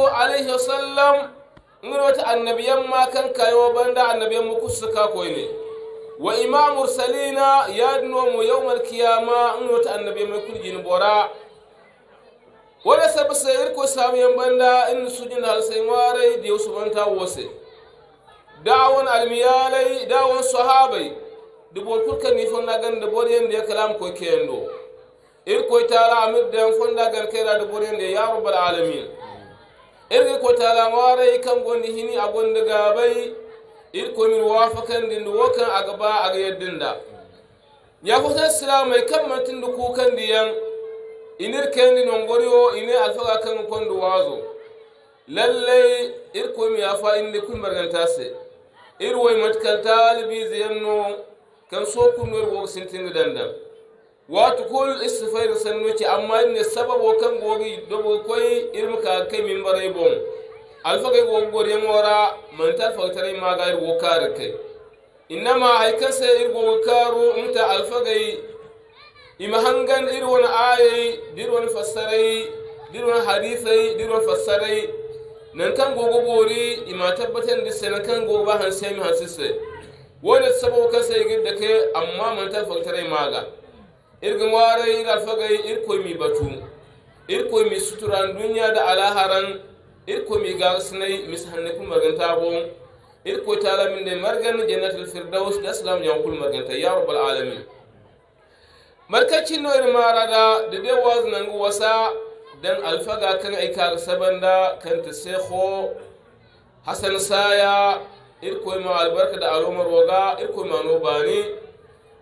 alaihi wasallam ngiro ta annabiyan ma kan kayo banda annabiyan mu ne wa imam mursalina yadno mu annabiyan kurjin bora ko banda in warai da yusu banta wose dawon almiyalai dawon sahabai kurka ni ganda da ya kalam ko kendo ir ko tara amir da fonna gar kaira da boriyan da ya rabbal alamin erge ko tala warai kan gondi hini a gondi gabai irko ko min wafakan din wakan a ga yaddin da ya kusa sila mai kan matin da kukan diyan inir kendi non goriyo ine alfaga kan kondo wazo lallai irko ko mi afa da kun barganta se ir wai matkal talibi no kan so kun wor wo dandam. dandan watu fai da sanno ci amma ne sababo kan gogi dobo koy irin ka kai min barai bon alfa kai go gore ngora man ta faktare ma ga ir wokar kai ma ay kase ir go wokaru inta alfa kai ima hangan irin wani ayayi dir wani fassarai dir wani hadisai dir wani fassarai nan kan gogo gori ima tabbatar da sai kan gogo ba han yi mi sai sisse wani sababo kase gidda kai amma manta fautar faktare ma ga irgin warai yi irko mi batu irko mi suturan duniya da alaharan irko mi ga sinai mishannikun maganta gon irko ta lamin da margan jannatul firdaus da islam kul maganta ya rabbal alamin markacin no mara da da dai wasa dan alfaga kan aika sabanda kan ta sekho hasan saya irko ma albarka da aromar waga irko ma no bani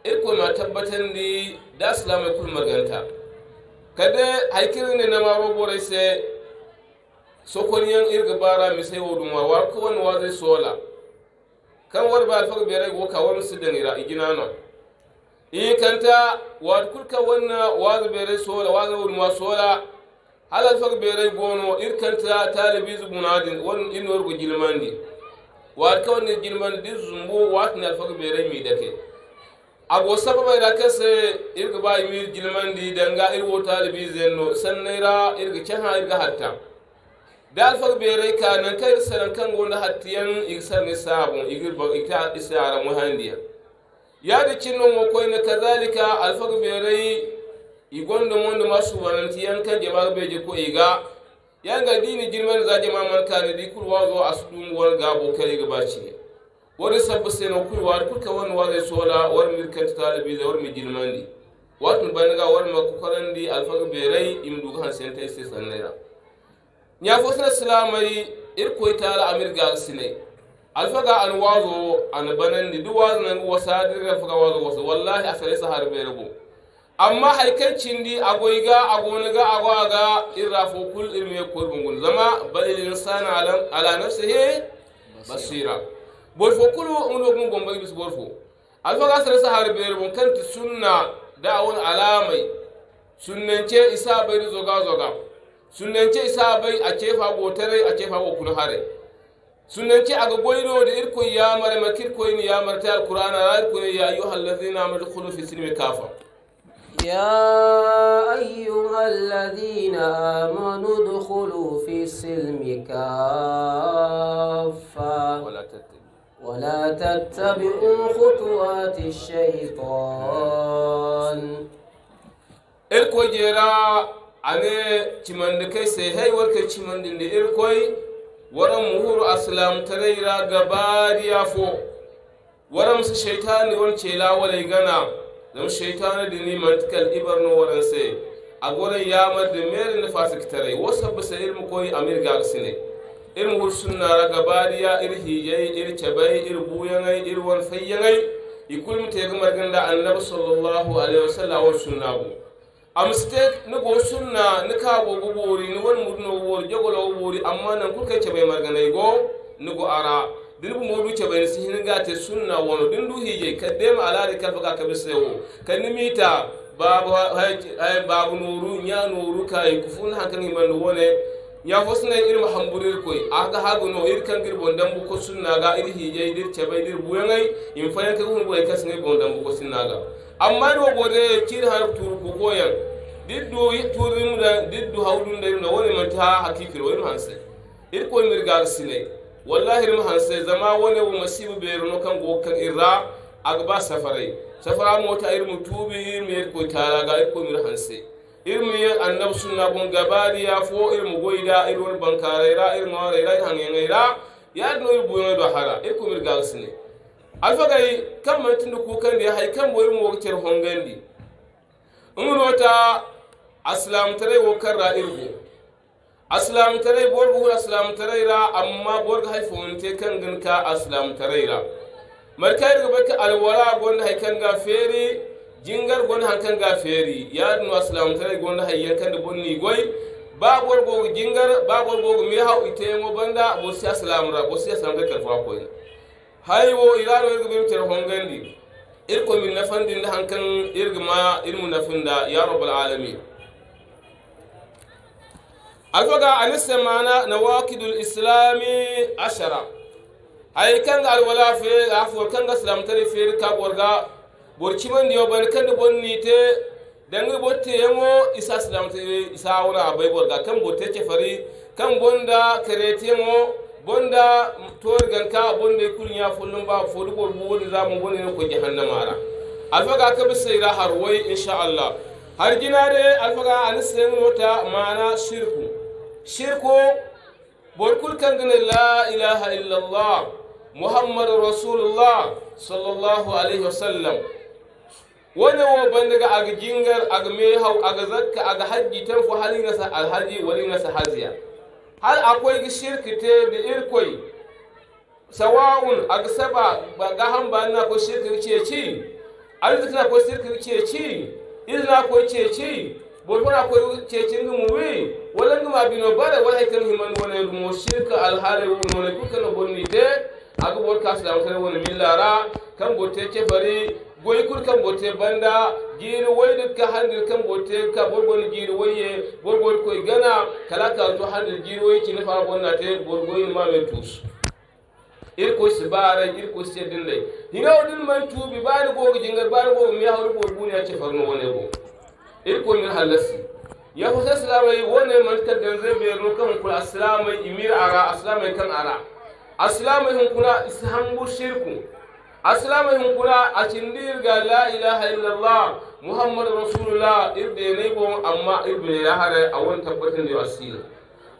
Eh na tabbatar ni da silama kul maganta kada haikirin ne na mabo sai se sokoniyan irga bara mi sai wodun wa war ko wani wazai sola kan war ba alfaga bere go ka wani sidan ira igina no i kanta war kul ka wanna wazi bere sola wazi wodun wa sola hal alfaga bere gono irkanta talibi zubunadin wani inor go jilmandi gilman ka wani jilmandi zumbu watin alfaga bere mi dake ago sababaira kese irga ba yi da yi danga irwo talibi zenno sannaira irga can ha irga hatta da alfar bere ka nan kai sanan kan gonda hattiyan igsan ni sabun igir ba ita isa mu handiya ya da cinnon wa koy na kazalika al fag bere igondo mondo masu yan kan jama'ar beje ko iga yanga dini jilman za jama'a man kan di kulwa zo su wal gabo kai ga baci wori sabbu seno kuy wani pour que won waade soola warmir kenti taalibise warmi jilmandi watun bandiga warma kokorandi alfaga be ray im duga han sentay se sannayra ña fo sena silamay ir koy taala amir gaga sinay alfaga an wazo an banandi duk wazo nangi wasadirga alfaga wazo wasa wallahi a sare sahar bere bo amma haikar ga agoni ga agwa ga irrafo kul irme korbungun zama bal il insana ala nafsihi basira, basira. borfo kulu ngno gun gomba bis borfo alfa ga sare sahar bere bon kan ti sunna da'un alamai sunnance isa bai zoga zoga sunnance isa bai a cefa go tare a cefa go kulu hare sunnance aga goyno da irko ya mare makir ko ni ya mare ta alqur'ana ya irko ya ayyuhal ladhina amanu khulu fi silmi kafa يا أيها الذين آمنوا ادخلوا في السلم كافة ولا تتبعوا ولا تتبعوا خطوات الشيطان إلكو جرا أنا تمند كيسي هاي ورك تمند اللي الكوي ورم مهور أسلام تريرا غباريا فو ورم سشيطاني ونشيلا وليغانا دم شيطاني دني منتكال إبرنو ورنسي أقول يا مد مير نفاسك تري وسب سير مكوي أمير غاقسيني na raga bariya ir hijai ir cabai ir buyaŋay ir wanfayyaŋay ikul kulu mate ga da annabi sallallahu alaihi wasallam wo sunnago amsite ni go sunna ni kago go boori ni wani mudno wani boori jogolo go boori amma nan kul cabai marganai go ni go ara din bu modu cabay si hinga te sunna wono din du dem ala alaari kalfa ka kabise wo kan nimita babu hay babu nuru nya nuru kai kufun hakan himan wone ya ñafo suna ir mahamburir koy aga hagono ir kangir bondambu ko sunnaga ir hijay dir cebay dir buyangay in fayanke hun boy kasne bondambu ko sunnaga amma do bode cir har tur ko koyan diddu turim da diddu hawdun da na woni man ta hakikir woni hanse ir koy mir gar sile wallahi irin hanse zama woni wo masibu be rono kan go kan irra agba safarai safara mota ir mutubi ir mir ko taraga ir ko mir hanse irmu ye annab sunna bun gabadiya fo irmu goyda irwol bankarayra irŋorayra ir haŋeŋayra yaadino ir buyoŋe do hara ir kumir gagsine alfagay kam mantindi kukandi hay kam bo irmu woga cer hongandi ŋunota asilamtarai wo karra irgu Asilamtarai borga hur asilamtarayra amma borga hay fonte kaŋ gin ka asilamtarayra marka irga baka alwala gonda hay kaŋ ga feeri jingar gon hankan ga feri ya nuna waslamu tare gon hayyar kan da bonni goy ba gor go jingar ba gor go mi ha ite mo banda bo si aslam ra bo si aslam ga karfa ko hay wo iraro irgo bim tere hongandi irko min nafandin da hankan irgma ilmu nafinda ya rabbal alamin azoga anise na nawakidul islami ashara hay kan alwala fe afwa kanga islam tare fe ka gorga borciman yo bari kan ni te dangi botte yango isa salam te isa a abay ga kan botte ce fari kan bonda keretengo bonda torgan ka bonde ya fulun ba fodu bor bu woni zamu bonne ko jahannama mara alfaga ka sai har wai insha Allah har ginare alfaga anisin wata mana shirku shirku borkul kan gane la ilaha illallah muhammadu rasulullah sallallahu alaihi wasallam wani wo bandaga aga jingar aga mehaw aga zakka aga hajji tan fo halinasa alhaji walinasa haziya hal akwai ga shirki te da irkoi sawa'un aga saba ga han na ko shirki ce ci na ko shirki ce ci izna ko ce ci bolbona ko ce ci ngi mu wi wala ngi ma bino bare wala kan himan wala mo shirka alhale wani ne kuka no bonni te aga bol kasla wala wani millara kan botte ce bari Goyi kur kan bote banda giri wai da ka handir kan bote ka borgon giri waye borgon koy gana kala ka to handir giri waye ki nafa bonna te borgon ma men tus ir ko sibara ir ko sedin dai hina odin man tubi bani go jingar ni go mi hawru bo ya ce farno wani go ir ko min halasi ya ko salamai wani man dan zai be no kan kula salama imir ara salama kan ara aslama hun kula ishambu shirku aslama kuna a cindirga la ilaha illallah muhammad rasulullah irde ne bon amma ibne ya hare a wani tabbatin da asiri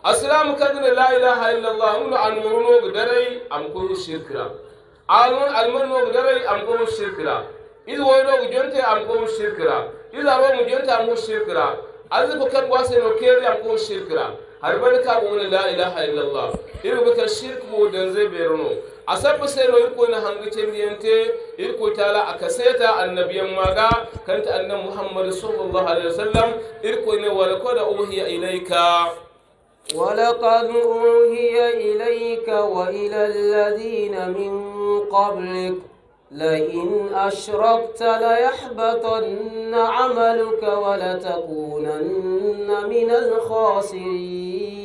aslamu kadin la ilaha illallah nuna almurno ga dare am ko shirkira almur almurno ga dare am ko shirkira iz wani ga jonte am ko shirkira iz aro mu jonte am ko shirkira azu kan wase no kere am ko shirkira har barka wani la ilaha illallah ibu ka shirku dan zai berno asar basero irko na hanga cendiyante irko tala akaseta annabiyan maga kanta annan muhammad sallallahu alaihi wasallam irko ne wala koda uhiya ilaika ولقد أوهي إليك وإلى الذين من قبلك لئن أشركت ليحبطن عملك ولتكونن من الخاسرين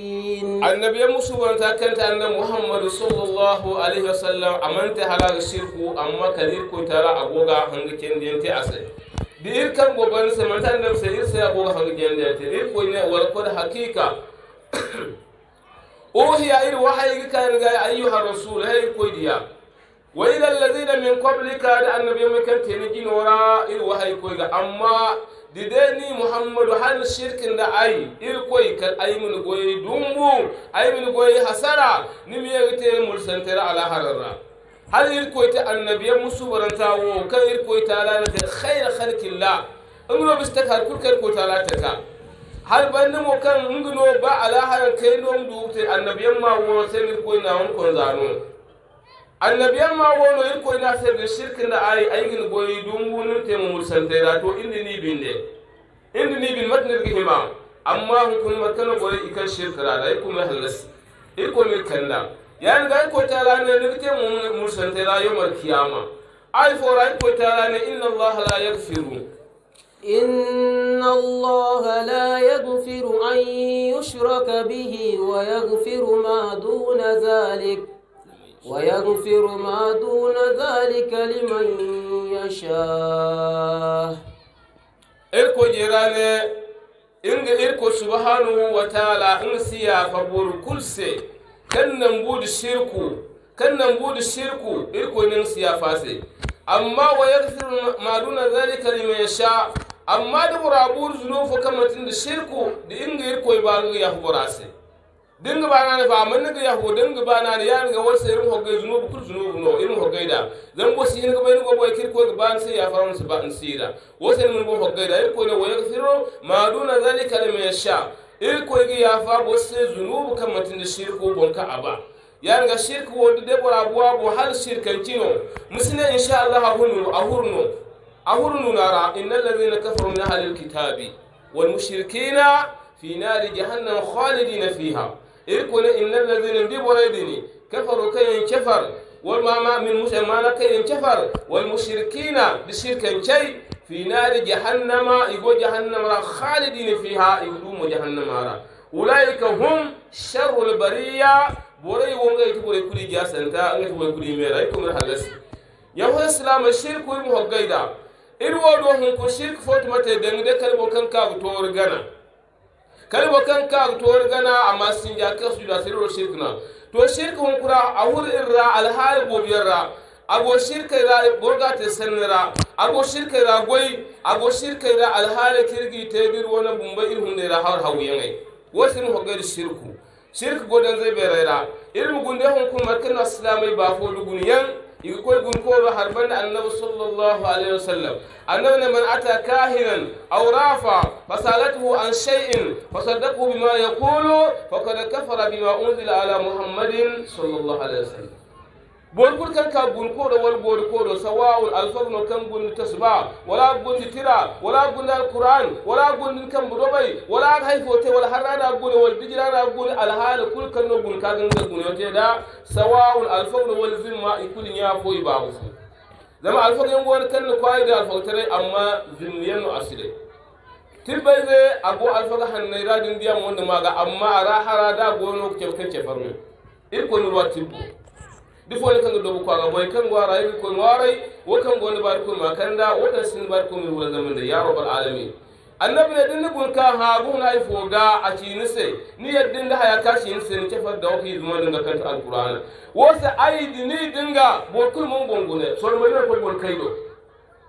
musu musuwanta kanta annan muhammadu sallallahu alaihi wasallam amanta halar shirku amma kalir ko tara agoga hanga kendiyan te asai dir kan goban se manta annam se sai se agoga hanga kendiyan te dir ko ne wal qad hakika ya ir wahayi kan ga ayyuha rasul hay ko diya wa ila alladhina min qablika da mai kan te ne ginora ir wahayi ko ga amma ni muhammadu hal shirkin da ai irkoi kal ai mun goyi dumbu ai mun goyi hasara nim mul santara ala harra hal irkoi ta annabiya musu baranta wo kan irkoi ta lalata khair khalqillah umro bistakhar kul kal ko ta ka hal ban mo kan ngno ba ala har kai dum dukte annabiyan ma wo sai irkoi na won kon zanu annabiyan ma gono irko ina serbe shirkinda ay aygin goyi dumbunun temo mursantera to indi ni binde indi ni bin matnirgi hima amma hukun matana goyi ikan shirkirada irko mai hallas irko mai kanda yani ga irko tala ne nirte mursantera yomar kiyama ay fora irko tala ne inna allaha la yaghfiru إن الله لا يغفر أن يشرك به ويغفر ما دون ذلك ويغفر ما دون ذلك لمن يشاء إلكو جيراني إنك إلكو سبحانه وتعالى إنغ سيا فبور كل سي كن نمبود شركو كن نمبود شركو إلكو إنغ سيا فاسي أما ويغفر ما دون ذلك لمن يشاء أما da burabur zuno fo kamatin da shirku da inga irko ba دين غبانا نبى من غير يهود دين غبانا نيان غوس إيرم هوجي زنوب كل زنوب نو إيرم هوجي دا زن غوس إيرم غبي نو غبي كير كوي غبان سي يافرون سبا نسيرا غوس إيرم غبي هوجي دا إير كوي نو ويك ثيرو ما دون أذاني كلمة يشاء إير كوي غي يافا غوس إير زنوب كم متين دشير كوي بونكا أبا يان غشير كوي دي دبر أبوا أبو هل شير كنتينو مسنا إن شاء الله أهونو أهورنو أهورنو نارا إن الذين كفروا من أهل الكتاب والمشركين في نار جهنم خالدين فيها إيكولي إن الذين ببوليدني كفروا كين كفر والماما من مسلمان كين كفر والمشركين بشرك شيء في نار جهنم يقول جهنم را خالدين فيها يقولون جهنم را أولئك هم شر البرية بوري وونغي تبوري كل جاس تا أنغي كل ميرا يكون رحلس يهو السلام الشرك ويمهو قيدا إلوا دوهم كشرك فوتمتي دنگ دكال وكان كاغ تور غنا kalbo kan kaag toor gana amma ja ka su da sirro shirkuna na to shirku hun kura awur irra al hal bo biyarra go shirk ra borga te a go shirk ra a go shirk ra al hal kirgi te bir wona bumba ir hunde ra har hawu yangai wasin ho gair shirku shirk godan zai ra ilmu gunde hun kuma kana islamai ba fo yan. يقول بنكوبة حربنا النبي صلى الله عليه وسلم أنه من أتى كاهنا أو رافع فسألته عن شيء فصدقه بما يقول فقد كفر بما أنزل على محمد صلى الله عليه وسلم borgur kan ka gun ko do wal bor ko do sawawul alfar no kan gun tasba wala gun tira wala gun alquran wala gun kan bu dobai wala hay fote wala harana gun wal dijrana gun alhal kul kan no gun ka gan ga gun yote da sawawul alfar wal zimma ikul nya foi babu fu zama alfar yan gon kan no kwai da alfar tare amma zimmiyan no asile tilbai ze abu alfar hannai radin biya mu wanda maga amma ara harada da gono ke kan ke farme ruwa tilbu di fole kan do ko ga boy kan gwara yi ko warai Wa kan go bar ko ma kan da wo kan sin bar ko mi zaman da ya rabbal alamin annabi oh, uh, ne din bun ka ha gun ai foga a cini se ni yaddin da haya kashi in sin ke fadda wa yi zuma da kanta alqur'ana wo sa ai dini dinga bo kul mun bongone so mai ne ko bon kaido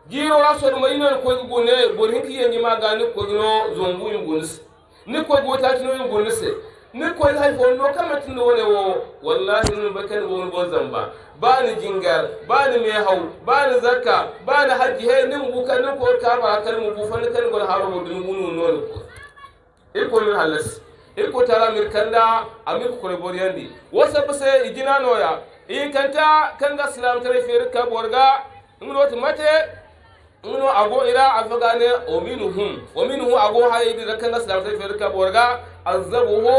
jiro wa so mai ne ko gune borin ki yanni magani ko no zombu yugunis ni ko go ta tino yugunis ne koy hayfo no kamati no wone wo wallahi no bakan won bo zamba ba ni jingar ba ni me haw ba ni zakka ba ni haji he nim buka ne ko ka ba kal mu bufan kan gol haro bo dun munu no e ko no halas e ko tara mir kanda amir ko re boryandi wasa base idina noya in kanta kanga islam tare fer ka borga ngol wata mate uno ago ira afgane ominuhum ominuhu ago hayidi rakana zai ferka borga azabuhu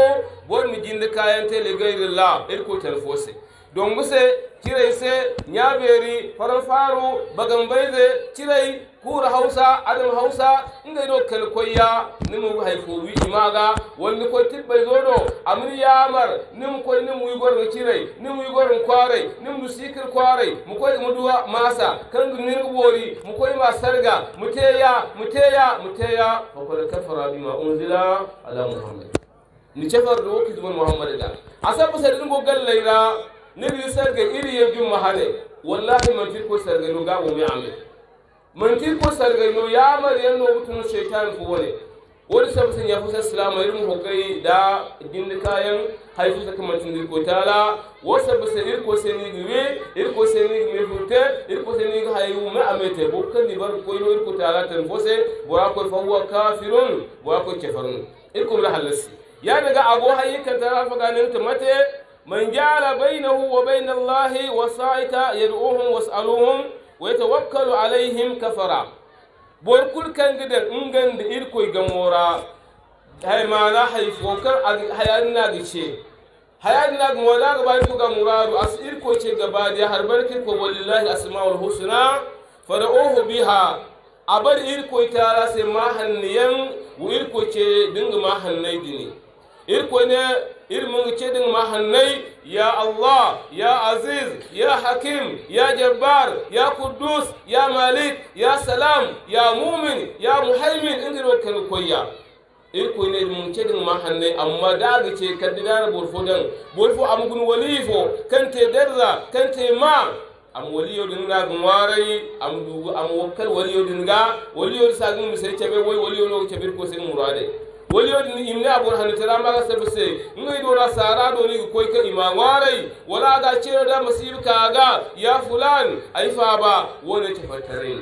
bon mi jinde kayan tele gairilla irko telfose donguse cireyse nyaberi, farar faru, bagan baize, cirey kura hausa, adam hausa inda yi dokar koyya nimu hay fo imaga Wani ko koye tiɓɓay zo ɗo amin yaamar nim koye nim wuygorongo cirey nim wuygoron kwarai nim du sikir koarey mu koye mu duwa maasa kangu nirgo ɓoori mu koye ma sarga mu muteya mu teya mu teya fakod kafara bima unzila ala muhammad ni cefar do wokki zuman muhammad da. a sabba sadi ɗum go gallayra niri sarge iri ye bin mahale wallahi mantir ko sarge no gawo mi ame mantir ko sarge no ya mar yan no butun shaytan fu wone wani sabu sun yafu sa salama irin hokai da gindi kayan haifu sa kamar tindir ko tala wani sabu sun irko sai ni gwe irko sai ni gwe furte irko sai ni hayu ma amete bukkan ni bar ko ino irko tala tan fose wa ko fa huwa kafirun wa ko kafarun irko la halasi ya daga abu hayyukan tara fa ganin ta mate من جعل بينه وبين الله وسائطا يدعوهم واسألوهم ويتوكل عليهم كفرا بوركل كان قدر انغن إلكوي جمورا هاي ما لا حيف وكر هيادنا دشي هيادنا مولا غبايتو جمورا أس إلكوي تشي جبادي هربلك ولله الأسماء الحسنى فدعوه بها أبر إلكوي تارا سماحن ين وإلكوي تشي دنغ ماحن نيدني irkone irmin cedin mahannai ya Allah ya Aziz ya Hakim ya Jabbar ya Kudus ya Malik ya Salam ya Mumin ya Muhaimin inda da kan koya irkone irmin cedin mahannai amma da gace ce da burfo dan burfo amgun walifo kan te darra kan te ma am waliyo dinga gumarai am dugu am wakkal waliyo dinga waliyo sagun misai cebe wai waliyo no cebe ko sin murade waliyo ni imne abun hanu tara maga sabse ngai dora sara do ni koy ka ima warai wala ga cewa da masib ga ya fulan ai fa ba wani ta fatare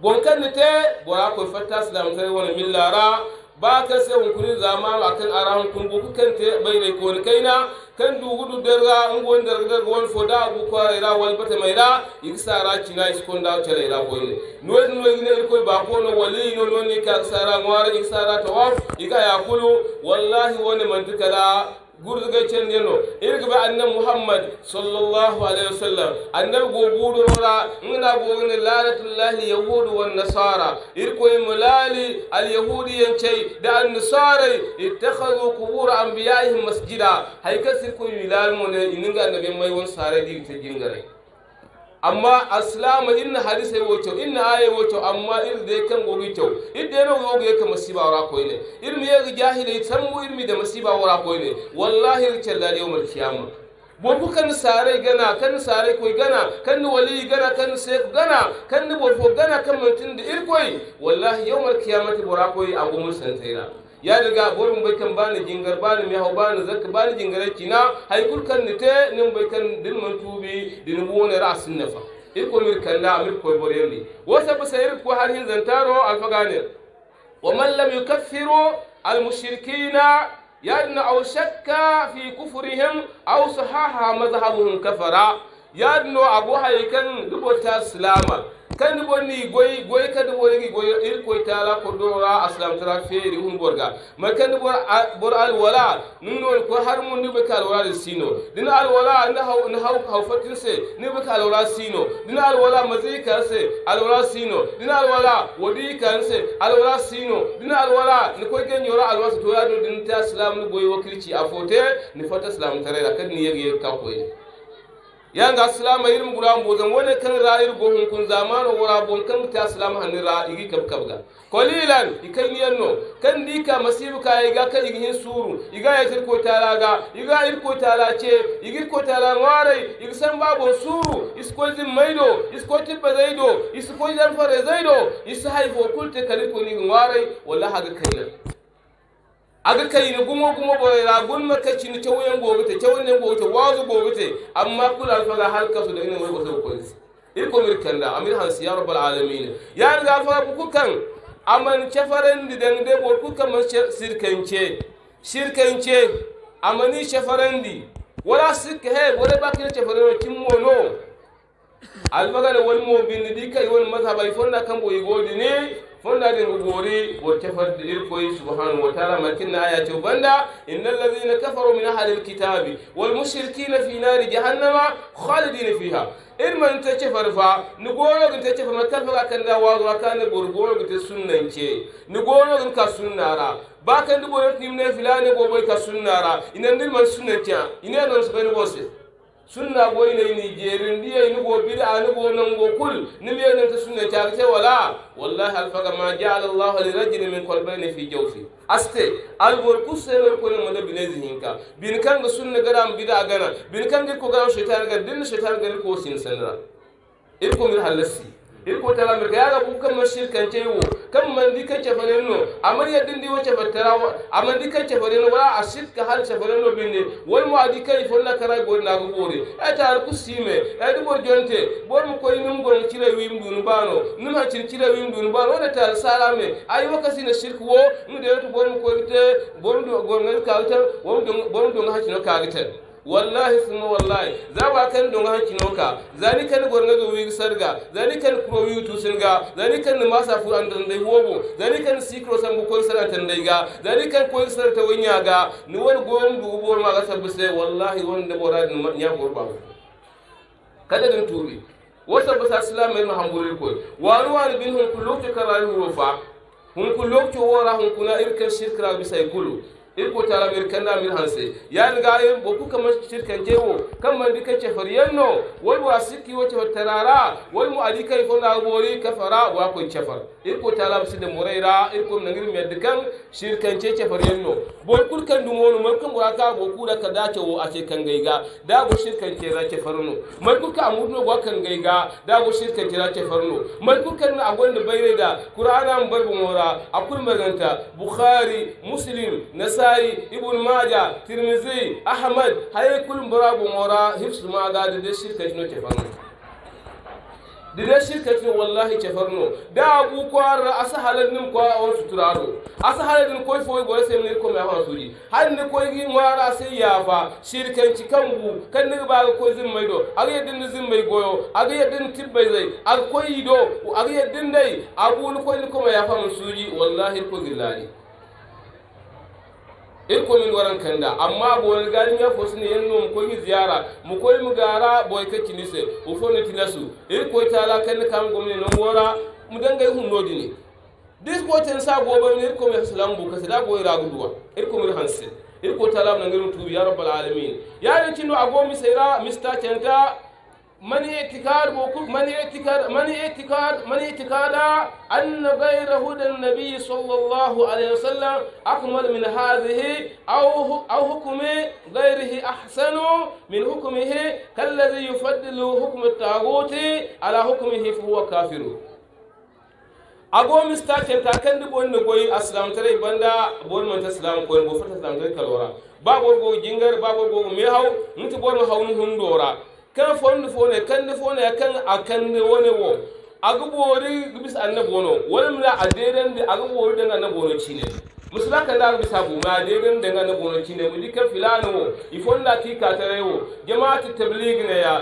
bon kan te bora ko fatta kai wani millara ba ka sai hunkuri zama a kan ara hunkun buku kan ta bai ne kone na. kan du gudu darga da darga darga wal foda abu kwara ira wal bata mai ra ci ra cina kon da chala ira ko ne no no ne ko ba ko no wali no no ne ka sara ngwara igsa ra tawaf iga kulu. wallahi wani da. can cendeno irgba annan muhammad sallallahu alaihi wasallam annan go gudorora nuna go ngene lanatullahi yahudu wan nasara irko mulali al yahudi yancei da an nasara kubura an biya masjida haykasir ko yilal mo ne ininga annabi mai won sare di te amma aslama inna hadisa woto inna aya woto amma irde kan gogi to idde no gogi ka masiba wara koyne irmi yegi jahile tammu mi da masiba wara koyne wallahi rikalla yawmal bo bobu kan sare gana kan sare koy gana kan wali gana kan sek gana kan fo gana kan mantin da irkoy wallahi yawmal qiyamati wara koy agumul santaira ya daga borin bai kan bani jingar bani mi hau bani zakka bani jingare kina hay kul kan ni te nin bai kan dil man tubi din bu wona rasin nafa irko mir kan la amir ko borelli wasa basayir ko har hin zantaro alfaganir wa man lam yukaffiru al mushrikina yadna aw shakka fi kufrihim aw sahaha mazhabuhum kafara yadno abu haykan dubota salama kandi ni goy goy kandi bonni goy il koy tala ko dora aslam tara feri un borga ma kandi bor bor al wala nun non ko har mun ni bakal wala sino din al wala na haw na haw hawfatin se ni bakal wala sino din al wala mazika se al wala sino din al wala wodi kan se al wala sino din al wala ni koy gen yora al wala to ya do din ta islam ni goy wakilci afote ni fata islam tare da kan ni yeri yeg ka koyi. yanga silama guda mu bozan Wani kan ra'ir gohun kun zamanu wora bon kan ta silama hanin ra'igi kab kabga qalilan ikan yanno kan dika masibu ka iga kan igin suru iga ya tirko talaga iga irko talace igir ko tala ngare san babo suru iskozin maido iskoti bazaido iskozin fare zaido isa haifo kulte kaliko ni ngare wallahi ga kai aga kai kayina gumo gumo boyra gobe ta cewoyen gobe ta wazu gobe ta amma kulal halka su da ina woy gosow konsi iko mirkan kanda amir hansu ya rabbal alamina ya ga faga ku kan aman cefarandi dangde bor ku kan man sirkance sirkance amani di wala ka he wala bakina cefarano cimmono alfagana wal mobindi di kai won mazhabai fonda kan boye godi ne fondadir ugori da irkoyi subhanahu wa taala na aya tew banda innal ladhina kafaru min ahli wal walmushrikina fi nari jahannama khalidina fiha man ta cefar fa ni goro gin ta cefar ma kalfa kan da wazo kan ne goro gin ta sunnan ce ni goro gin ka sunnara ba kan du gono timne filane go boy ka sunnara inan dirman sunnan ce ina non su kan wose sunna goyi ne ni jerin diye ni go bir ni go nan go kul ni me ne ta sunna ta ce wala wallahi al faga ma ja'ala Allahu li rajul min qalbayn fi jawfi aste al bor kusel ko ne mada bine zihinka bin kan ga sunna garam bida gara bin kan ga ko ga shaitan ga din shaitan ga ko sin sanra ir ko min halasi irko tala mirka ya rabu kan mashir kan wo kan mandi kan fare no amari ya dindi wa amari di kan fare no wala asit ka hal fare no ne wal mu adi kai la kara go na go bore e ta ku me e di bor jonte bo mu ko num go cire wi mbun bano num ci ci cire wi nu bano da ta salame ayi wakasi na shirku wo mu de to bo mu ko te bo mu go ngal ka ta mu do mu do ha no ka gitan wallahi suma wallahi za wa kan donga hanki noka zani kan gornga do wi sarga zani kan kuro pro wi ga singa zani kan masa fu an dan dai wobo zani kan sikro san kon sara tan dai ga zani kan kon sara ta winya ga ni wani goyon du bo ma ga sabu sai wallahi won da bora ni nya gorba kada dun turi wata basa islamai mahamburi ko wani wani bin hun kullu ka rayu rufa hun kullu wora hun kuna irkan shirkra bisai kullu ko tara bir kanna min hanse ya riga yin boku kamar shirkan jewo kan man dika ce faryanno wai wa siki wace tarara wai mu ali kai fona gori fara wa kun cefar irko tara bisu da in irko nan irin yadda shirkan ce ce faryanno boy kurkan dumono mai kan wa ka boku da ka dace wo a ce kan gaiga da go shirkan ce za ce farno mai kurka amudno go kan gaiga da go shirkan ce za ce farno mai kurkan na agon da bayre da qur'ana mun barbu mora akul maganta bukhari muslim nasa nasa'i ibn maja tirmizi ahmad hay kul bura mora hifs ma da de shirka no te fango dire shirka ce wallahi ke farno da abu kwara asa halal nim kwa on suturaro asa halal din koi foi gore sem nir ko me hawa suri har ne koi gi mara sai ya fa shirkan ci kangu kan ne ba ko zin mai do aga din zin mai goyo aga yadin tilbai zai aga yi do aga yadin dai abu ni koi ni ko me ya fa mun suri wallahi ko gillani irkolin waran kanda amma bol garin ya fosu ne yanno mu koyi ziyara mu koyi mu gara boy ka kinise u fona tinasu irko ta la kan kan gomne no wora mu dangai hun nodi ne dis ko ten sa go ba ne irko me salam bu ka sada go ira guduwa irko mir hansin irko ta la na ngiru tu ya rabbal alamin ya ne tinu ago mi sayra mista tenta mani itikar boku mani itikar mani itikar mani itikada anna ghayra hudan nabiy sallallahu alaihi wasallam akmal min hadhihi aw aw hukmi ghayrihi ahsanu min hukmihi kalladhi yufaddilu hukm at ala hukmihi fa huwa kafir ago mista kenta kandi bon no goy aslam tare banda bon man aslam ko bo fata aslam tare kalora babor go jingar babor go mehaw mutu bon hawnu hundora kan ni fone kan ne fone kan a kan ne wone wo agbori bis annabi wono wani mura a deren da agbori dan annabono wono cine musula kan da bisa bu ma deren dan annabono wono cine mu dika filano wo ifonda ki ka tare wo jama'atu tabligh ne ya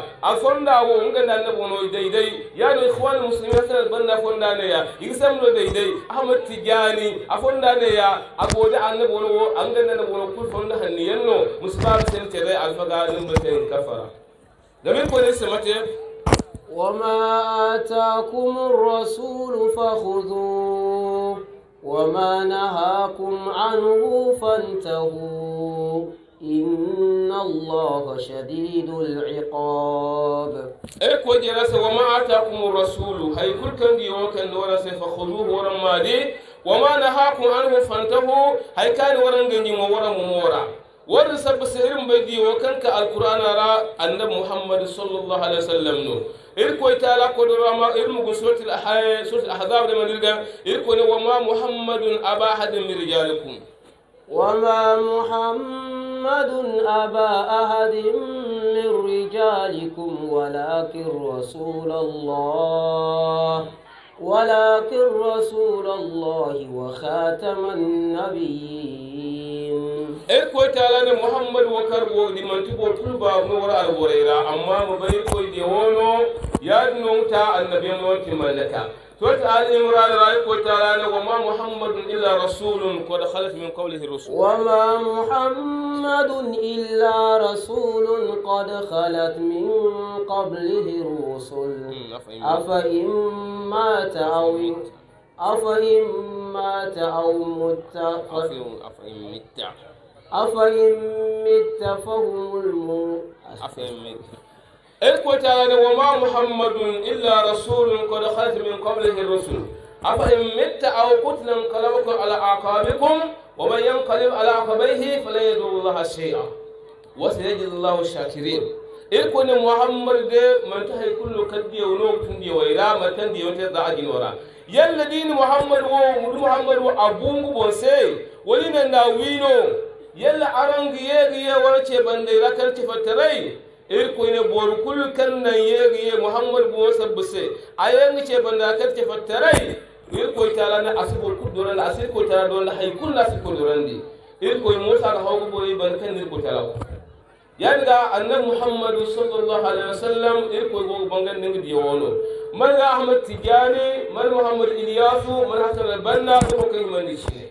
da wo unga dan annabono wono daidai ya ne ikhwan muslimin da banna da ne ya igsam do daidai ahmad tijani da ne ya agodi annabi wono wo anga dan annabi wono kul fonda hanniyanno musula sai tare alfaga dan ba kafara دمين كو ليس متى وما آتاكم الرسول فخذوه وما نهاكم عنه فانتهوا إن الله شديد العقاب إكو إيه جلس وما آتاكم الرسول هاي كل كان دي وكان ولا فخذوه ورا ما دي وما نهاكم عنه فانتهوا هاي كان ورا نجي ورا مورا ورسب سيرم بدي وكان كالقران را ان محمد صلى الله عليه وسلم نو إركوي تعالى قد رمى إرمو سورة الأحزاب سورة الأحزاب لمن يرجع إركوي وما محمد أبا أحد من رجالكم وما محمد أبا أحد من رجالكم ولكن رسول الله ولكن رسول الله وخاتم النبيين er koy tala ne muhammad wakar wo ni manti bo tulba mo wara al waraira amma mo bai koy de wono ya dinu ta annabi mo ti mallaka to ta al imran ra ko tala ne wa ma muhammadun illa rasulun qad khalat min qawlihi rusul wa ma muhammadun illa rasulun qad khalat min qablihi rusul afa in mata aw أفإن مات أو مت أفإن مت أفإن مت فهم المو أفإن وما محمد إلا رسول قد خلت من قبله الرسل أفإن مت أو قتل انقلبكم على أعقابكم ومن ينقلب على عقبيه فلن يضر الله شيئا وسيجزي الله الشاكرين إكون محمد من تهي كل كدي ونوم تندي ويرا من تندي وتزا أدين ورا يلا دين محمد ومحمد وأبوه بوسي ولنا ناوينو yalla arangu yeegiye warce banday rakal tifataray irkoyne kan kul kannan yeegiye muhammad bu buwa sabbuse ayengi ce banda rakal tifataray irkoy na asibol kul doran asir koy tala don hay kul nasir koy dorandi irkoy musa ga hawu boyi ban kan irkoy tala yanga annab muhammadu sallallahu alaihi wasallam irkoy go bangan ningi wono man ga ahmad tijani man muhammad ilyasu man hasan al-banna ko kay man shi.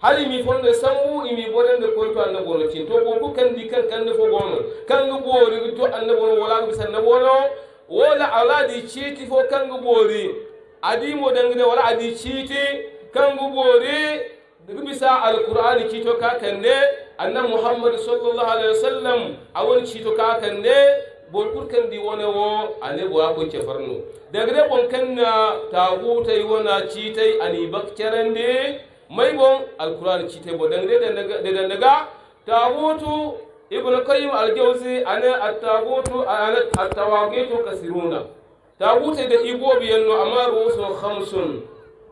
hali mi fonde sambu mi boden de ko to anna bono tin to ko kan di kan kan fo gono kan go bori to an anna bono wala go sanna bono wala di chiti fo kan go bori adi mo dangde wala adi chiti kan go bori Al qur'an ki to ka de anna muhammad sallallahu alaihi wasallam awon to ka de bol kur kan di wona wo ane bo ko ce farno daga de bon kan na tagutai wona chitai ani bakcerande mai bon alkurani ci bo dang de de daga tagutu ibn qayyim aljawzi ana at-tagutu ana at-tawaqitu kasiruna tagutu da ibo biyanno amma ruso khamsun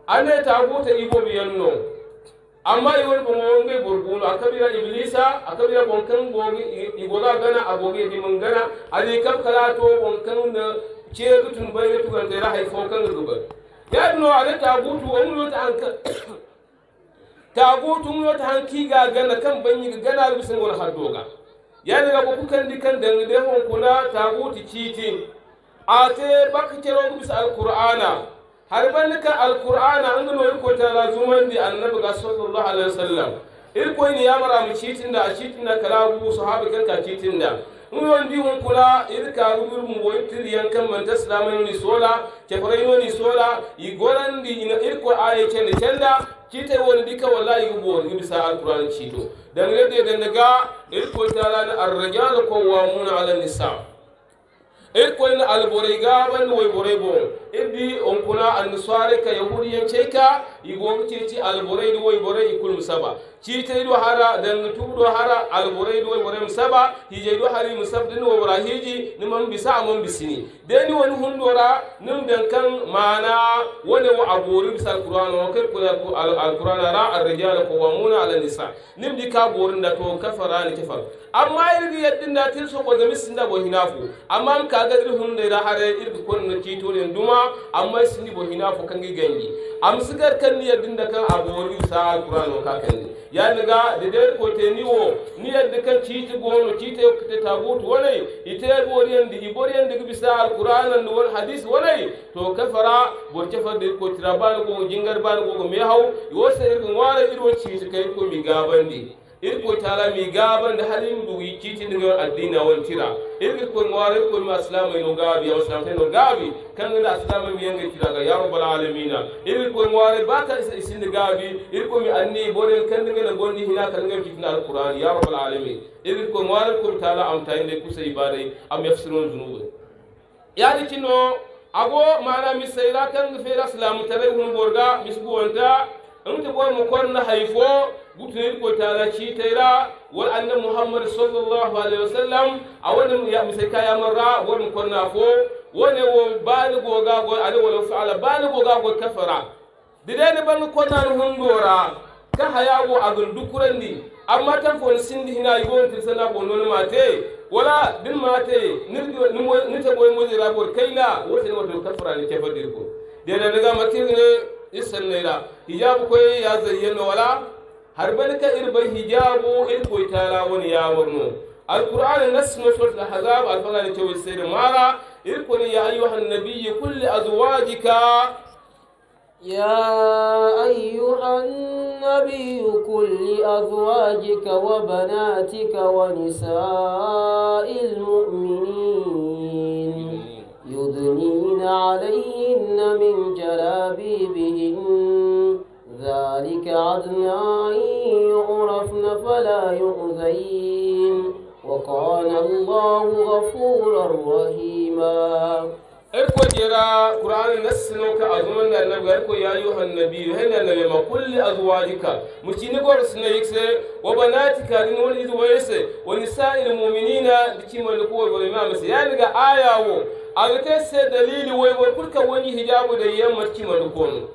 ana tagutu ibo biyanno amma iwon bai ngonge a akabira iblisa akabira bonkan gogi igoga gana a aboge dimun gana ali ne kala to bonkan da ce gutun bayatu da ra haifo kan rubar ya dino ana tagutu umru ta an tagutum no ta hanki ga gana kan banyi ga gana da wani har doga yani ga ku kan da ne dan hon kula taguti a te baka kero bis alqur'ana har ban ka alqur'ana an gano ko ta lazuman di annabi ga sallallahu alaihi wasallam il koy ni yamara mu citin da citin da kalabu sahabi kan ka citin da ngon di hon kula il ka rubur mu boy tiriyan kan man taslamin ni sola ke farayo ni sola i goran di ina il ko aye cende cenda cite woni ɗi ka walla yugo woni himɓe sa alqur'ana ciito dangane de dandaga ir koye talani arrajalu muna ala nisa ir koyno alboray ga ɓanni woye boray bon onkuna on kuna annisare ka yahudiyancey ka yigonga ceeci alboray ɗi borai boray ikulum saba ciitay ɗo hara dalga ɗo hara alboray ɗo mu saba hijey ɗo hari mu sabdi no wora hiji mon bisa mon bisini deni woni hundora nun den kan mana wone wo agori bisa alquran o kar kula alquran ra arrijal wamuna ala nisa nim di ka borin da to kafara ni kafar amma irgi yaddinda til so ko da sinda bo hinafu amma ka gadri hunde ra hare irgi kon no cito ne duma amma sindi bo hinafu kangi gangi am sigar kan ni yaddinda kan agori bisa alquran o ka kangi dare ko te niwo ni gono ta kan ciiti goono ciite yokkite yan wonay iteer yan iboriyandi bisa alqur'anan wal hadis wonay to kafara borce fadde ko tirabal ko jingar bal ko me haw sai ko irgo wara ci ci kai ko mi gabandi irko tara mi gaban da halin bugi kitin ni ngon addina wal tira irko ko ngware ko ma islamu no gabi ya islam no gabi kan da islamu mi yanga tira ga yaro bala alamina irko ko ngware ba ta isin da gabi irko mi anni bore kan da na gondi hina kan ga kitin alquran ya rabbal alamin irko ko ngware kun tara am tayne kusa ibadai am yafsirun zunubu yani kino ago mana mi sayra kan fe islamu tare hun borga misbu wanta in ta ko mo kon na haifo wutunir ko tala ci tayra wal anna muhammad sallallahu alaihi wasallam awon ya misaka ya marra wal konna fo wone wo ni ga go ala ba fa'ala baligo ga go kafara didene ban konna hundora ka hayago dukuran ni amma tan fo sindi hina yugo tin sana ko non mate wala din mate ni nita boy mo dira ko kaila wote wato kafara ne kefadir ko dede daga ne isan ne la hijabu ko ya zayyana wala هربلك إربا هجابو إلكو إتالا وني يامرنو القرآن نس مشورة الحزاب الفضل نتوي السير مالا إلكوني يا أيها النبي كل أزواجك يا أيها النبي كل أزواجك وبناتك ونساء المؤمنين يدنين عليهن من جلابيبهن ذلك عدنا أن يعرفن فلا يؤذين وكان الله غفورا رحيما إركو جرا قرآن نسنا كأزمان لنا بغيركو يا أيها النبي وهنا نبي ما كل أزواجك مجيني قول سنة يكسى وبناتك دين ولد ويسى ونساء المؤمنين بكي ملقوة والإمامة يعني قا آيه وو أغتسى دليل ويقول كوني هجاب دي يمت كي ملقونه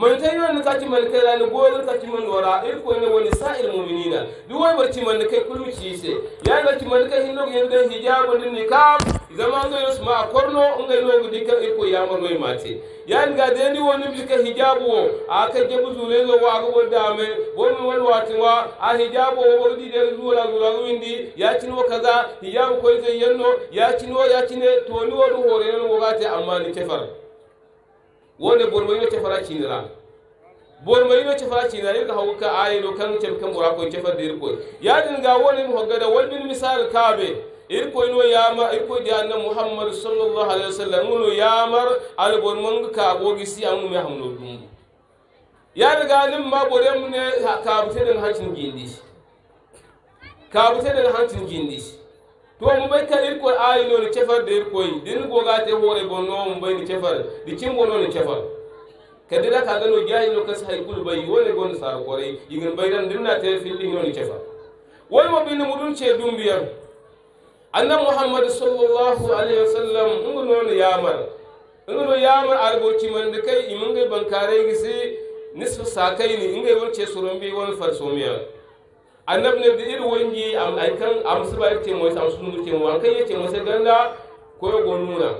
man ta yi wani ci man kai rani gol ka ci man wara ir ne wani sa'il mu'minina bi wai bar ci man kai kulmi ci se ya ga ci man kai hinno ga ga hijabu din ni kam zaman zo yusma korno ngai no ngi dikka ir ko ya mar noy mate ya ga de ni wani bi ka hijabu wo a ka je bu zule zo wa ga wanda me wani wal watin wa a hijabu wo wor di da zula zula windi ya ci no kaza hijabu ko zai yanno ya ci no ya ci ne to ni wani hore no ga ta amma ni kefar wonde bor moyino cefara cinira bor moyino cefara cinira irga hawu ka ayino kan cefkan kan bora koy cefar dir koy yadin ga da wani walbin misal kabe irko koy no yama ir koy di anna muhammad sallallahu alaihi wasallam no yamar al bor mon ka abogi si an me hamno dum Ya ga nim ma bore mun ne ka bute den hancin gindi ka bute den hancin gindi to mu bai kal irko ayi no ni chefar de irko yi din go ga te hore bonno mu bai ni chefar di cin bonno ni chefar dira ka gano jayi no kas hay kul bay wone gon sar kore yigin bai dan na te din no ni chefar wal mo bin mudun che dumbiyar annab muhammad sallallahu alaihi wasallam ngono no yamar ngono yamar ci man de kai ga bankare se nisfu sakai ni ingai wonce surumbi won farsomiya annabi ne da iri wangi aikan amsu ba ce mai amsu nu ce mai kai yace mai ganda ko ya gonu na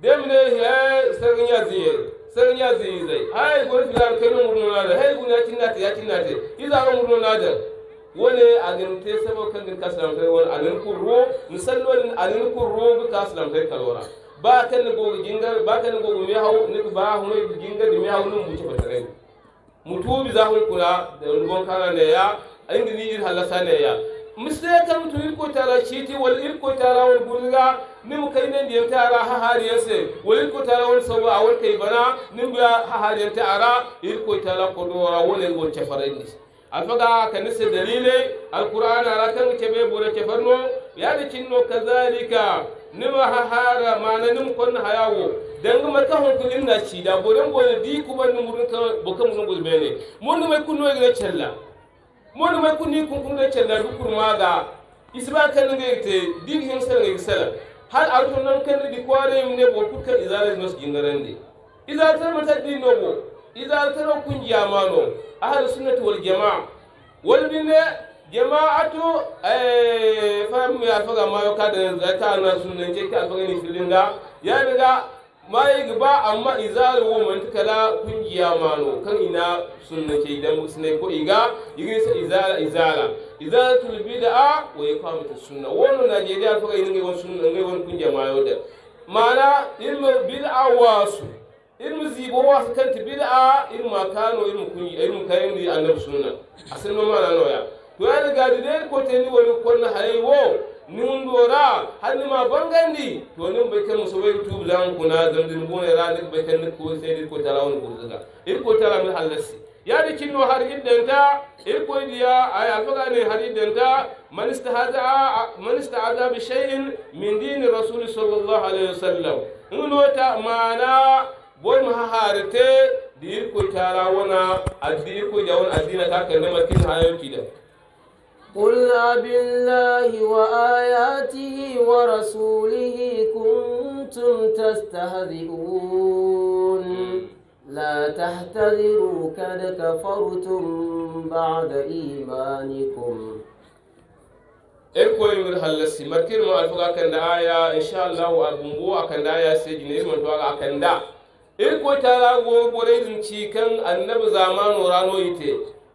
dem ne he eh, sarin ya ziye sarin ya ziye zai ai go filan kai kan murnu na da hai ya tinna ta ya tinna ta iza ran murnu na da wani agin te sabo kan din salam kai wani alin kurro musallon alin kurro ka salam kai kalora ba kan gogo ginga ba kan gogo me hawo ni ba hu gingar me hawo nun buci batare mutubi za ku kula da ruwan kana da ya ayinde ni hala saneya misle kam tu irko tara chiti wal irko tara wal burga nim kayne ndiye tara ha hariyase wal irko tara wal a awal kai bana Ni nim ya ha yanta ara irko tara ko do wala wal wal chafarani afaga kanise dalile alquran ala kan chebe bore chafarno ya da cinno kazalika nima ha hara ni mu kon hayawo danga mata hon ko na shi da boren bolen di kuban mu ka bokam ngol bene mon mai kunno ga challa modu mai kunni kun kun ga challa ma ga isba kan ga te dir hin sala ga sala har a to non kan di kware yin ne bo kuka izala nos gingarande izala tar mata di no bo izala tar kun ma jamano ahlus sunnati wal jamaa wal binne jama'atu eh famu ya faga mayo kada ne zata na sunnanje ka faga ni filinga ya daga mai gaba amma izar wo ta kala kungiya mano kan ina sunna ke idan sunna ko iga yiri sa izala izala izalatul bid'a wa iqamatu sunna Wannan najeriya to ga ne won sunna ne won kungiya mayo da mana ilmu bid'a wasu ilmu zibo wasu kan ta bid'a ilmu kano ilmu kungi ilmu kayan di annab sunna asalma mana noya to ya ga dide ko tendi wani kon hayi wo nun dora hannu ma bangandi to nun bai kan musu bai tubu zan kuna zandin bone ra nin bai kan ko sai nin ko talawon ko zaga in ko tala min halasi ya da kinno har ta in ko diya ay alfaga ne har ta man istahada man istahada bi shay'in min din rasul sallallahu alaihi wasallam nun wata mana boy ma harate di ko tala wana addi ko jawon addina ka kan makin hayo kidan قل بالله وآياته ورسوله كنتم تستهزئون لا تحتذروا قد كفرتم بعد إيمانكم ekoyin halasi markir ma alfuga kan da aya insha Allah a bumbu akan da aya sai jine mun to akan da iko ta go gore din annabi zamanu rano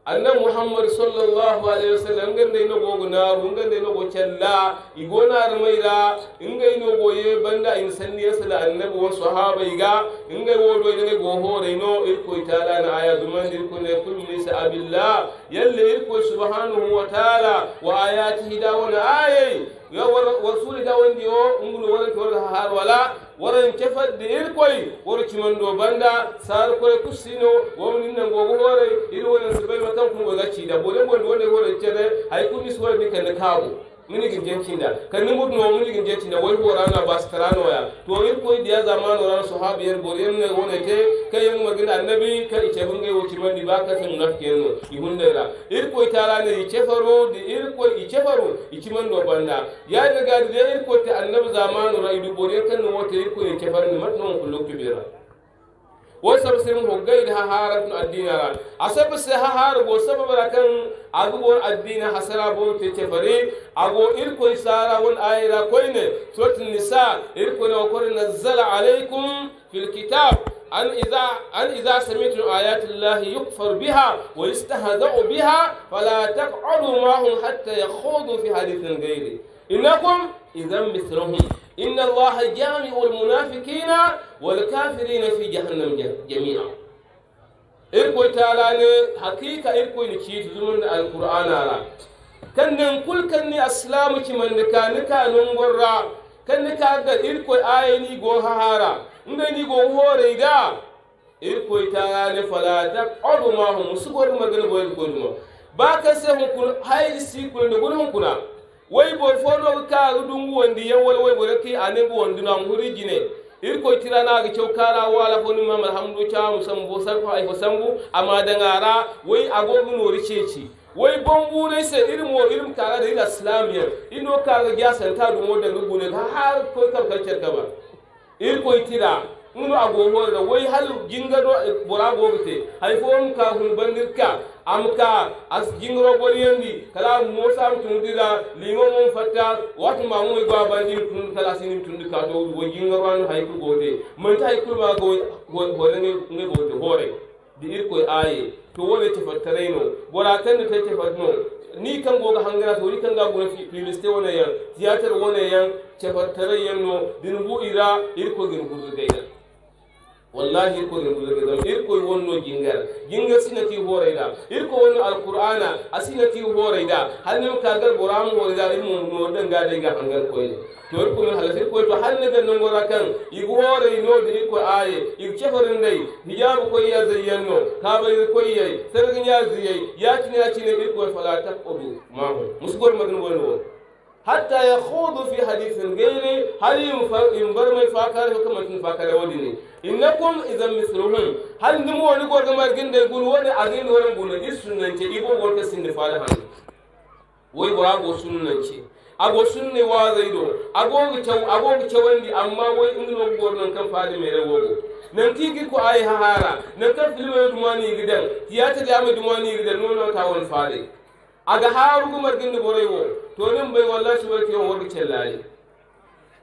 annan muhammad sallallahu alaihi wasallam ngan dai nago gunaru ngan dai nago kella igona rumaira ngai no goye banda in sanni yasala annabi wa sahaba iga ngai wodo ne go hore no irko itala na aya zuma irko ne kullu nisa yalla yalle irko subhanahu wa ta'ala wa ayatihi da wala ayi ya war rasul da wandi o ngulu wala to har wala woron kefadde irkoy woro cimando banda kusi ne kusino womninna gogo hore iri wonen sibay matan kun goga cida bolen gonde wonen wonen cede hay kumis wonni kende kaago mini gin jecinda kan ni mudno mini gin jecinda wai borana bastarano ya to yin koy diya zamano ran sahabi yer bor yen ne wona te kay yen mo annabi annabi kay ce bunge wuci mandi ba ka sun nafke no ihunde ra ir koy tala ne ice faro di ir koy ice faro ici mando banda ya daga da ir koy ta annabi zamano ra idu bor yen kan no wote ir koy ice faro ne ku kullu kibira wo sab sem ho gairi ha haratun addina ran asab se ha har go sab barakan ago addina hasara bo te te fari ago ir ko isara wal ayra koine sot nisa ir ko no kor nazzala alaykum fil kitab أن إذا أن إذا سمعتم آيات الله يكفر بها ويستهزأ بها فلا تقعدوا معهم حتى يخوضوا في حديث غيره إنكم إذا مثلهم إن الله جامع المنافقين والكافرين في جهنم جميعا إركو تعالى حقيقة إركو نشيط زمن القرآن على كان نقول كان أسلام كمن كان كان نمبر كان كان إركو آيني جوهارا نغني جوهوري دا إركو تعالى فلا تقعد معهم سكور مغنبوين كلهم باكسهم كل هاي السيكول نقولهم كلهم wai boy fodo ka dun wondi yan wal way boraki anen wondi nan huri jine ir ko tirana ga cew kala wala fo numa alhamdu cha musam bo sar ko ay fo sambu amma dangara ago agogo no riceci way bongu ne se irin mo irin kaga da ila islamiya ino ga ya santa dun wodan rubune har ko kalkalcer ka ba ir ko tira ago agogo da wai hal jingado burago te hay fo um ka hun bandirka amka as jingro boriyandi kala musa tundira limo mun fatta wat ma mun go bandi tun kala sini tun ka to go jingro wan hay ku gode mun tay ko ma go go ne ne gode hore di ir ko e aye to wole te fattare no bora kan te te fatno ni kan go ga hangara to ni kan ga go fi filiste wona ya tiyatar wona yan te fattare yan no din bu ira ir ko gin gudu gaidan wallahi ko ne buzurge zam irko e wonno jingar jingar sina ti horeyda irko wonno alqur'ana asina ti horeyda hannem kagal boramu horeyda imu norden gade ga hangal koyne to irko men halas irko to hanne gan nongora kan igu horey no de irko aye igu cheforen dai hijabu koy ya zayyanno kabay koy yai sergin ya ziyai ya tine ya tine irko e fala taqobu mahu musgor magan wonno hatta ya khudu fi hadithin gairi har in bar mai fakar hukumatin fakar wadi ne innakum idan misruhun hal mu wani gorga margin da gun wani agin wani gulu ji sunance ibo gorga da fala hannu. wai ba go a go sunne wa zai do ago a go ga wandi amma wai in no gornan kan fadi mai rawogo nan tigi ku ai hahara nan kan filmo dumani gidan ya ta da mai dumani gidan nono ta wani fadi أجهارك مرجين بوريه تونم بي والله شو بيت يوم ورك تلالي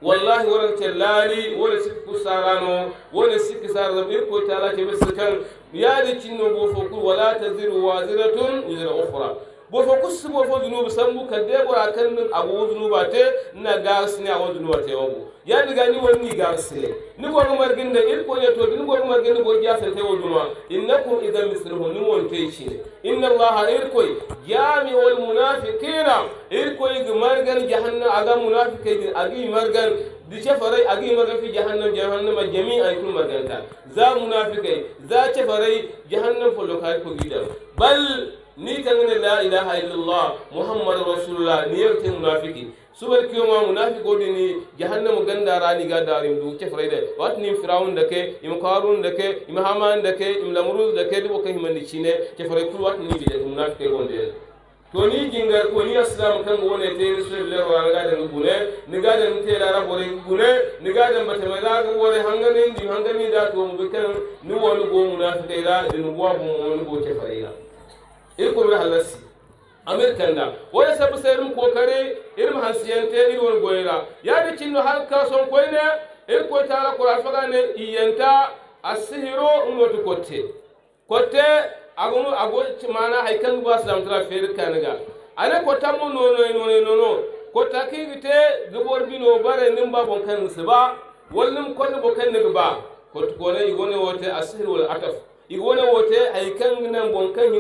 والله ورك تلالي ولا سك سارانو ولا سك سارانو بيرك تلالي بس كان يا ذي تنو بوفكو ولا تزير وازرة وزر أخرى bofo kusugo fo zunubu sambu ka debora akan nan abu zunuba te na gas ne abu zunuba te wangu ya diga ni wani gas ne ni ko mar ginda il ko ne to ni ko mar ginda bo ya sa te wuduma innakum idza misruhu ni won te shi inna allaha il ko yami wal munafiqina il ko ig margan jahannam aga munafiqai agi margan di farai a gima gafi jahannam jahannama jami'an kun maganta za munafikai za cefarai jahannam fulokari ko gidan bal ni kangene la ilaha illallah muhammadu rasulullah ni yewte munafiki subar ma munafiko dini jahannamu rani ga darim du ke frede wat ni firawun da ke im qarun da ke im haman da ke im lamruz da ke dubo ke himandi cine ke kul wat ni bi munafike gonde to ni jingar ko ni aslam kan go te rasulullah wa ga da gune ni ga da te la rabo re gune ni ga da mata mala ga wore hangane ndi hangane da to mu bikan ni wani go munafike da din wa mu wani go ke fere irko mir halasi amerikan da wani sabu sai irin kokare irin ta irin wani goyira ya da cin har ka son koyi ne irko ta ala kura faga ne iyanta asihiro ngotu kotte kotte agonu ago mana haikan ba salam tara fer kaniga ane kotta mu no no no no no kota ki gite bi n'o bare nim ba bon kan su ba wallum kon bo kan ne ba kotu ko ne wata wote asihir wal ataf igona wote kan nan bonkan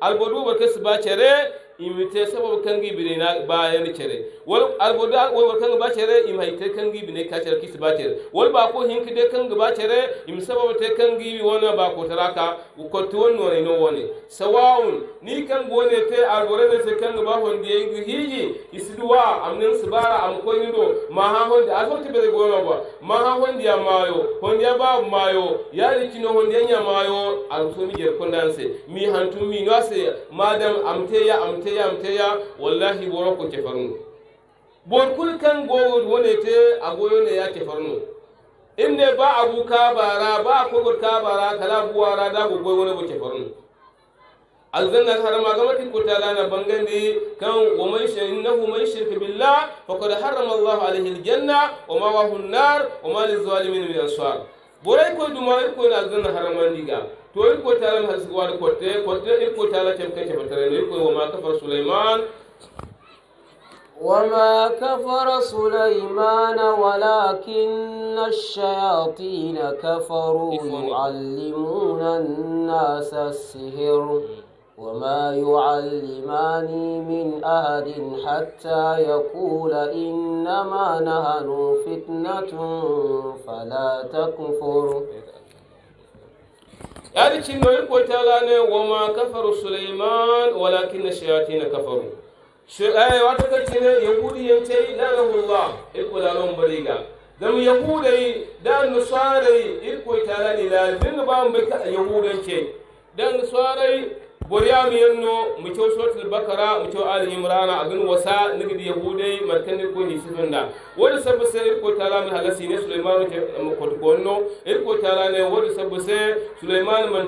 albodu ba kasu ba cere imite sababu kangi bine na ba ni chere wal alboda wal kangi ba chere im haite kangi bine ka chere kisi ba chere wal ba ko hinki de kangi ba chere im sababu te kangi wona ba ko taraka ko to won ne, no woni sawaun ni kan gone te algore ne se kangi ba hon de ngi hiji isduwa amnen subara am ko ni do ma ha hon de aso te be gona ba ma ha hon de mayo hon de ba mayo ya ri kino hon de nya mayo al to mi je kondanse mi hantum mi no se madam amte ya amte te yaŋ te ya wallahi boro ko cefarno bor kul kan go wone te agoyo ne ya in ne ba abu bara ba ka bara kala buwara da go goy wone bo cefarno aljanna harama gamati ko tala na bangandi kan wa mai shirka innahu mai shirk billah faqad harama allah alaihi aljanna wa mawahu wa nar wa ma lizalimin min ansar borai ko dumai ko aljanna haramandi ga to irko taala has waɗa kotte kotte irko taala cemke ceɓatareno irko woma kafara souleyman وما كفر سليمان ولكن الشياطين كفروا يعلمون الناس السحر وما يعلمان من أحد حتى يقول إنما نهن فتنة فلا تكفر إيه. yaadicinno ne wa ma kafaru suleiman walakin na walakinna shayatina kafaru aye watakatine yahudi yentey lanahullah irkolano mbariga gam yahudey da nusarey irkoytalani la dinga bambe yahudanke dan nusarey boriyaru yenno mu co suratul bakara mu co ali imrana gani wasa nigidi yahudai martani ko ni sifunda wadi sabu se irko tara min halasi ne sulaiman ko ko no irko tara ne wani sabu se sulaiman man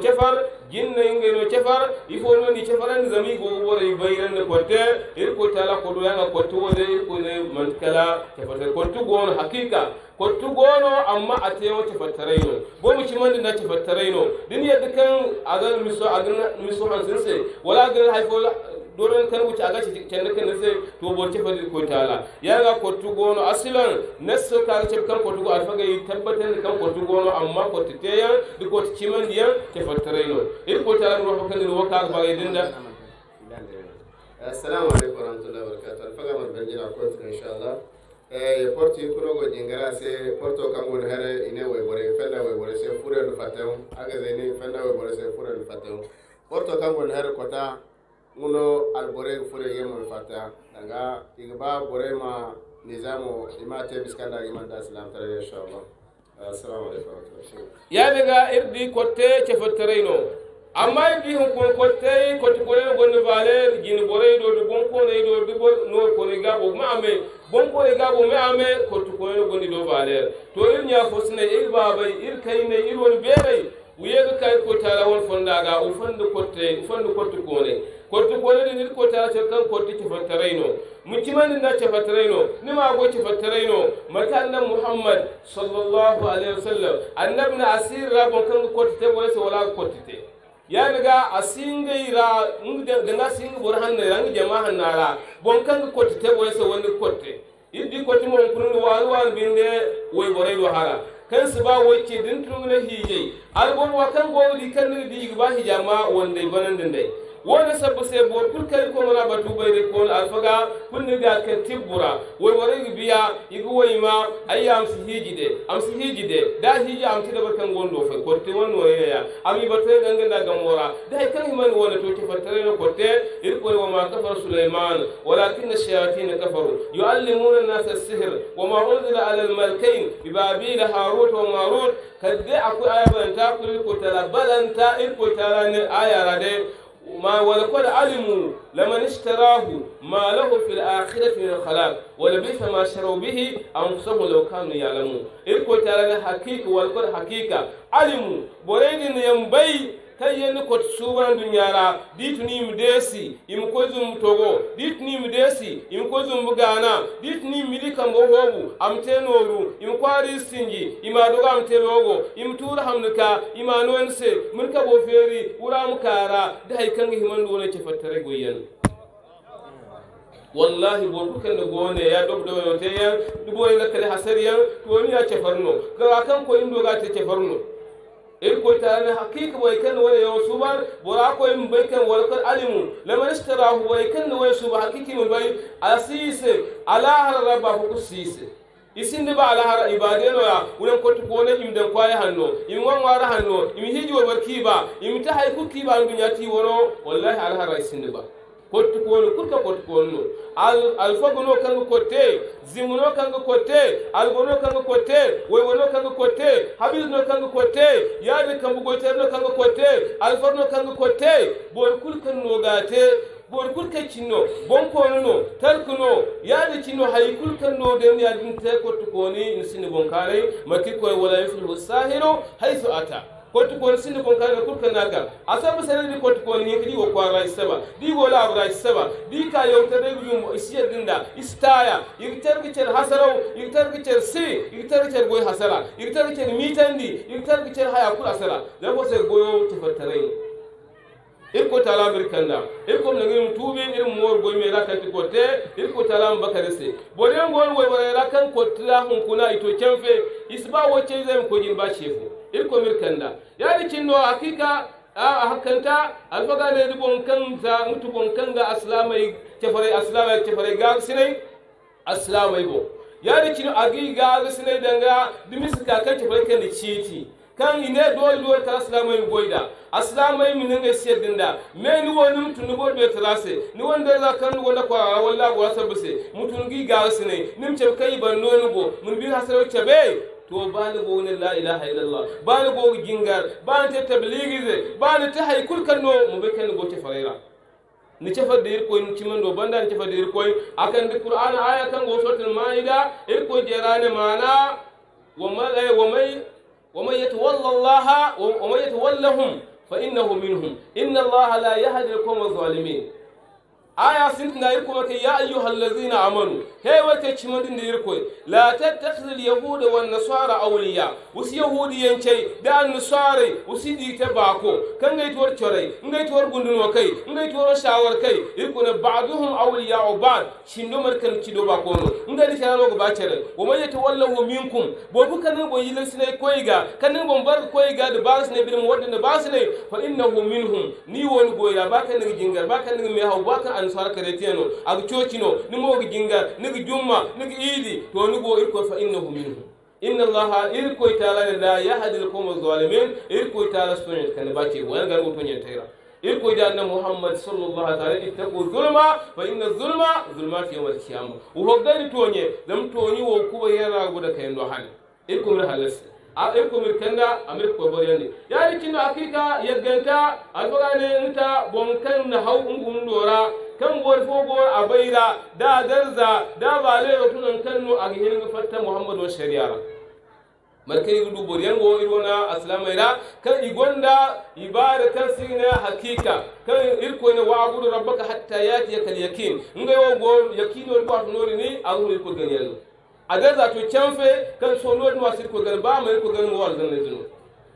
jinna ingeno cefar ifono ni cefarani zami go wora bayirande kotte ir ko tala ko do yanga kotte wode ir ko ne mantkala cefarte kottu gono hakika kottu gono amma atewo cefattarayno bo mu cimande na cefattarayno din yadda kan agan miso agan miso hansinse wala agan hayfo doron kan wuce a gaci can kan nase to borce fa ko tala ya ga kotu gono asilan nasu ka gaci kan kotu go alfa gai tabbatar kan kotu gono amma kotu te yan di kotu ciman yan ke fatare no in ko tala ruwa kan ruwa ka ba ga dinda assalamu alaikum warahmatullahi wabarakatuh alfa ga mun ko kotu insha Allah e eh, porto kurogo jingara se porto kangol hare ine waybore fella waybore se furelu fatew aga zeni fella waybore se furelu fatew porto kangol hare kota uno alboreg fure yemo fata daga igba borema nizamo imate biskanda imanda salam tare inshallah assalamu alaikum ya daga irdi kotte che fotterino amma irdi hun kon kotte kotte bore gonne vale gin bore do do bon ko do do no ko ne ga ma ame bon ko ga bo ma ame to ko ne gonne do vale to irnya fosne ilba bai kayne ne won bere wiyega kay ko tala won fondaga fondu kotte fondu kotte ko ne korti kone ni ko ta ce kan korti ci fatarayno mukimani na ce fatarayno ni ma go ci fatarayno mata annan muhammad sallallahu alaihi wasallam annab na asir rabon kan korti te wala se wala korti te ya daga asinga ira daga singa bor hanna ran jama'a nara bon kan korti te wala se wani korti idi korti mo kunun walu walu binde way boray hala kan su ba wacce din tunga hiye albon wa kan go di kan di ba hijama wanda banan din dai wona sabbu sebo kul kay ko wona batu bayre ko alfaga kul ni ga ka tibura wai wore biya igu wai ma ayya am si hiji de am si hiji de da hiji am ti da barkan gondo fa ko te won wore ya ami batu ganga da gamora da kan himan wona to ti fatare no ko te ir ko wa ma kafar sulaiman walakin ash-shayatin kafaru yuallimuna an-nas as-sihr wa ma unzila ala al-malikain bi babil harut wa marut kadde aku ayabanta kul ko tala balanta ir ko tala ne ayara de ما ولقد علموا لمن اشتراه ما له في الآخرة من الخلاق ولبئس ما شروا به أنفسهم لو كانوا يعلمون إن إلكو تعالى حقيقة ولقد حقيقة علموا بريد ينبي kan yenni ko suban dunyara ditni mu desi im ko zum togo ditni mu desi im ko zum gana dituni mili kan go hobu am tenoru noru im kwari singi ima doga am te im tur hamnuka ima nonse mun ka bo feri uram kara da kan himan dole ce fattare goyen wallahi dukkan da gone ya dubdo da yote ya dubo ina kale hasariyan to ni ya ce farno ga kan ko indo ga ta ce farno bai kan حقيق ويكن alimu يوسوبر براكو إم بيكن ولا كن علمو su ba hakiki mu bai ku sise isin ba ala har ibade no ya ko tuko ne kwaye hanno im wan wara hanno im hiji wa ta hay kiba an dunya ti wallahi ala isin ba kottukowolu pour que kottukowolinno alfagono kanga kotte zimuno kanga kotte algono kanga kotte woywono kanga kotte habirno kanga kotte yaade kambu goyterno kanga kotte alfarno kanga kotte bori kul kan nogate bori kul kan cinno bonkonuno talkuno yaade cinno hay kul kan noden yadinte kottukowoni insini bonkaray makki koye wala yuflihu sahiru haythu ata kotu ko sin ko ka ga kurka naga asabu sare di kotu ko ni kidi wo ko ara isaba di go la abra isaba di ka yo ta de yum isiya dinda istaya yirtar ki cer hasarau yirtar ki cer si yirtar ki cer goy hasara yirtar ki cer mitandi yirtar ki cer haya kula sara da ko sai goyo tafattarai irko tala birkanda irko na ngim tubi ir mor goy me kanti ko te ko tala mbakare se boden gol woy wara kan ko tla hun kuna ito kemfe isba wo chezem ko jin ba shefu irko mirkanda yani cinno hakika a hakanta hakkanta alfagaledi ga ŋutu bonkanga asilamay cefare asilamay cefare ga sine aslamai bon yani cino agi ga sine danga dimisika kan cefare kan ciiti kan ine dool dool kala aslamai goyda asilamay minanga seddinda me ni wonum tunu bo be tracé ni da za kan wonda ko walla go sabse mutungi gaga sinay nim cebe kai ban nonu bo mun bi ce be to bani go ne la ilaha illallah bani go gingar bani te tabligi bani te hay kul kanno mo be ken go te farira ni cefa de ir koy cimen banda akan di qur'an aya kan go sotul maida ir jerane mana wa mai e, wa mai wa mai yatawalla allaha wa mai yatawallahum fa innahu minhum inna allaha la yahdi al-qawm adh-dhalimin aya yi irko ke ya na amanu he wate cimadin da irko la tattakhidhu alyahuda wan nasara awliya usi yahudi yance da nasara usi dite bako kan ngai tuwar chore ngai tuwar gundun kai ngai tuwar shawar kai irko ne ba'duhum awliya uban shindo markan cido bako no ngai dite no ba chere wa man yatawallahu minkum bo bukan bo yilan sine koyiga kan bo bar koyiga da su ne birin wadda da su ne fa innahu minhum ni wani goya ba kan ngi jingar ba kan ngi me ba kan kan sarka de teno ag chocino ni mogi jinga ni gi jumma ni gi idi to ni bo irko fa innahu minhu inna allaha irko taala la yahdi alqawm adh-dhalimin irko taala sunet kan bace wan gar wuto nyen tayra irko da annabi muhammad sallallahu alaihi wasallam ittaqu zulma fa inna zulma zulmatu yawm al-qiyamah wo hogani tonye dam toni wo kuba yara guda kayndo hal irko mir halas irko mir kanda amir ko boriyande yani kinno hakika yagganta alfagane nta bonkan na haw ngum dora kan gor fogowar a baira da darza da balero tunan kanu a gihin fatta muhammadu wa shari'a markai gudu boriyan go irona aslamaira kan igwanda ibada kan sina hakika kan irko ne wa gudu rabbaka hatta ya yatiyakal yakin ngai go yakino ko nori ni awu irko a darza to canfe kan sonor no asir irko gani ba mai irko gani wal zan ne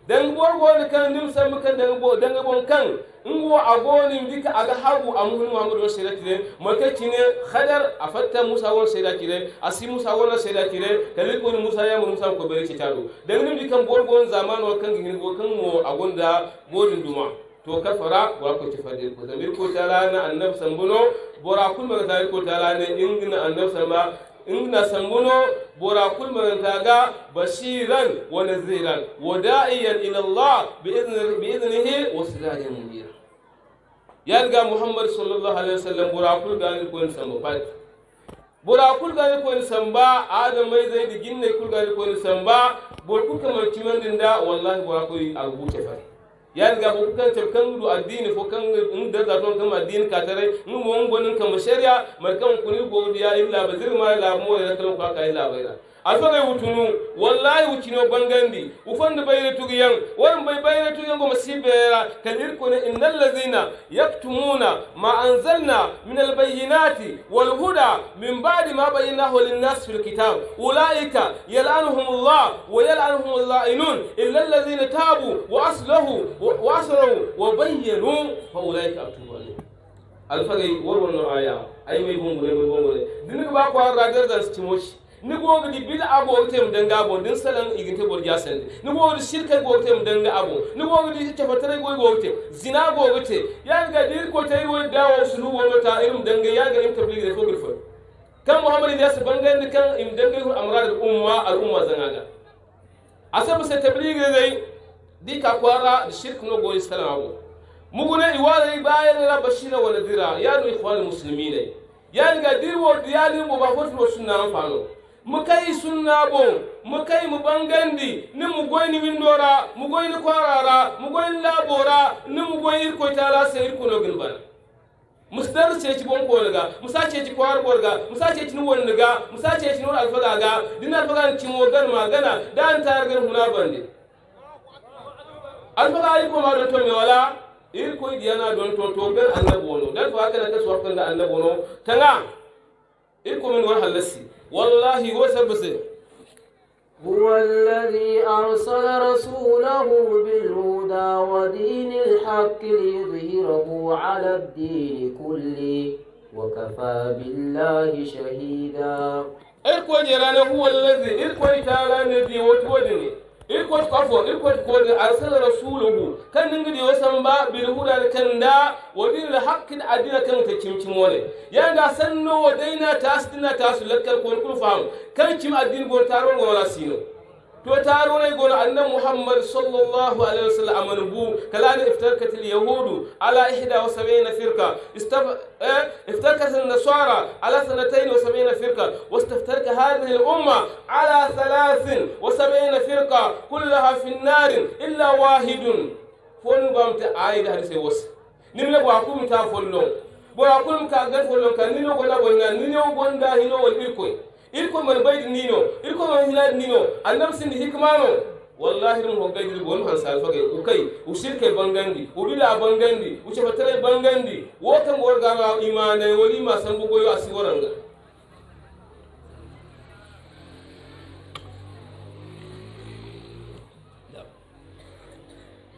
dan borgo kan nim mukan kan dan kan ngo agoni ndika aga hagu amuhunu wangu do seda tire make cine khadar afatta musa won seda tire asi musa won seda tire kali ko musa ya musa ko bere ci taru dangin dikan borgon zamanu kan gingin wa kan kan mo agonda bodin duma to kafara wa ko ci fadir ko zamir ko tala na annab sambuno bora kul ma zamir ko tala ne ingina annab samba ingina sambuno bora kul ma taga bashiran wa naziran wa da'iyan ila allah bi idnihi wa sirajan munira yalga muhammad sallallahu alaihi wasallam burakul gani ko samba pat burakul gani ko samba mai zai di ginne kul gani ko samba burku kamar ciman dinda wallahi burakul albuce fa yalga ko kan tar kan du addini fo kan in da don kan addini ka tare in mo ngonin kamar sharia mar kan kuni godiya illa bazir ma la mu ya kan ka illa bayra asogay wutunu wallahi wutino bangandi ufandu bayre tugiyan waran bay bayre tugiyan goma sibera kan irkuna innal ladhina yaktumuna ma anzalna min al walhuda wal huda min ba'di ma bayyanahu lin nas fil kitab ulaika yal'anuhum Allah wa yal'anuhum al-la'inun illa alladhina tabu wa aslahu wa aslahu wa bayyanu fa ulaika atubu alayhim alfagay warwan aya ay mai bongole mai bongole dinugo ba ko ragar da stimoshi ni goga di bil ago tem danga bon din salan iginte bor ja sel ni goga di shirka go tem danga abu. ni goga di tafatare go go tem zina go go te ya ga dir ko tay won dawo sulu wono ta irum danga ya ga im tabligh da ko fogrfa kan ya ilyas bangan ni kan im danga hu amrar al umma al umma zanaga asabu se tabligh dai di ka kwara di shirka ko go salan abu. mugune iwalai bayan la bashira wa nadira ya ni ikhwan muslimina yani ga dirwo diyalin mu ba hotu sunna amfano mukai sunnabo mukai mu bangandi ni mu goyni windora mu goyni kwarara mu goyni labora ni mu goyni ko tala se ko no gilbar musdar ceci bon daga musa ceci kwar borga musa ceci nuwon daga musa ceci ni alfaga ga din alfaga ci mo gar magana dan tar gar huna bande alfaga irko ma don to me wala irko diana don to to gar annabono dan fa kana ka suwa kan da annabono tanga ko min war halasi والله وسبس هو الذي أرسل رسوله بالهدى ودين الحق ليظهره على الدين كله وكفى بالله شهيدا إركوا جلاله هو الذي إركوا تعالى الذي وتودني irkot kafo irkot kode arsala rasuluhu kan ningi di san ba bil huda kan da wadin la haƙƙin adina kan ta cimcin wale ya ga sanno daina tasdina tasu lakkal kon kul fam kan cim adin bo tarol wala sino to taronay gono annabi muhammad sallllahu alayhi wa sallam amana bu kalani iftarkat lyahudu ala ihda wa sabina firka eh, iftarkat alnasara ala sanatain wa sabina firka واستفترك هذه الأمة على ثلاث وسبعين فرقة كلها في النار إلا واحد فون قامت آية هذه وس نملا بواكم تافولون بواكم كأجل فولون كنينو ولا بونا نينو بوندا هينو والبيكوين irko mai baydi nino irko mai hinadi nino annabi sindi hikmano wallahi ɗum hoggaydi won han salfage u usirke bangandi uɗila bangandi ucefatare bangandi wotan worgama imanayi wonima sambugoyo asi waranga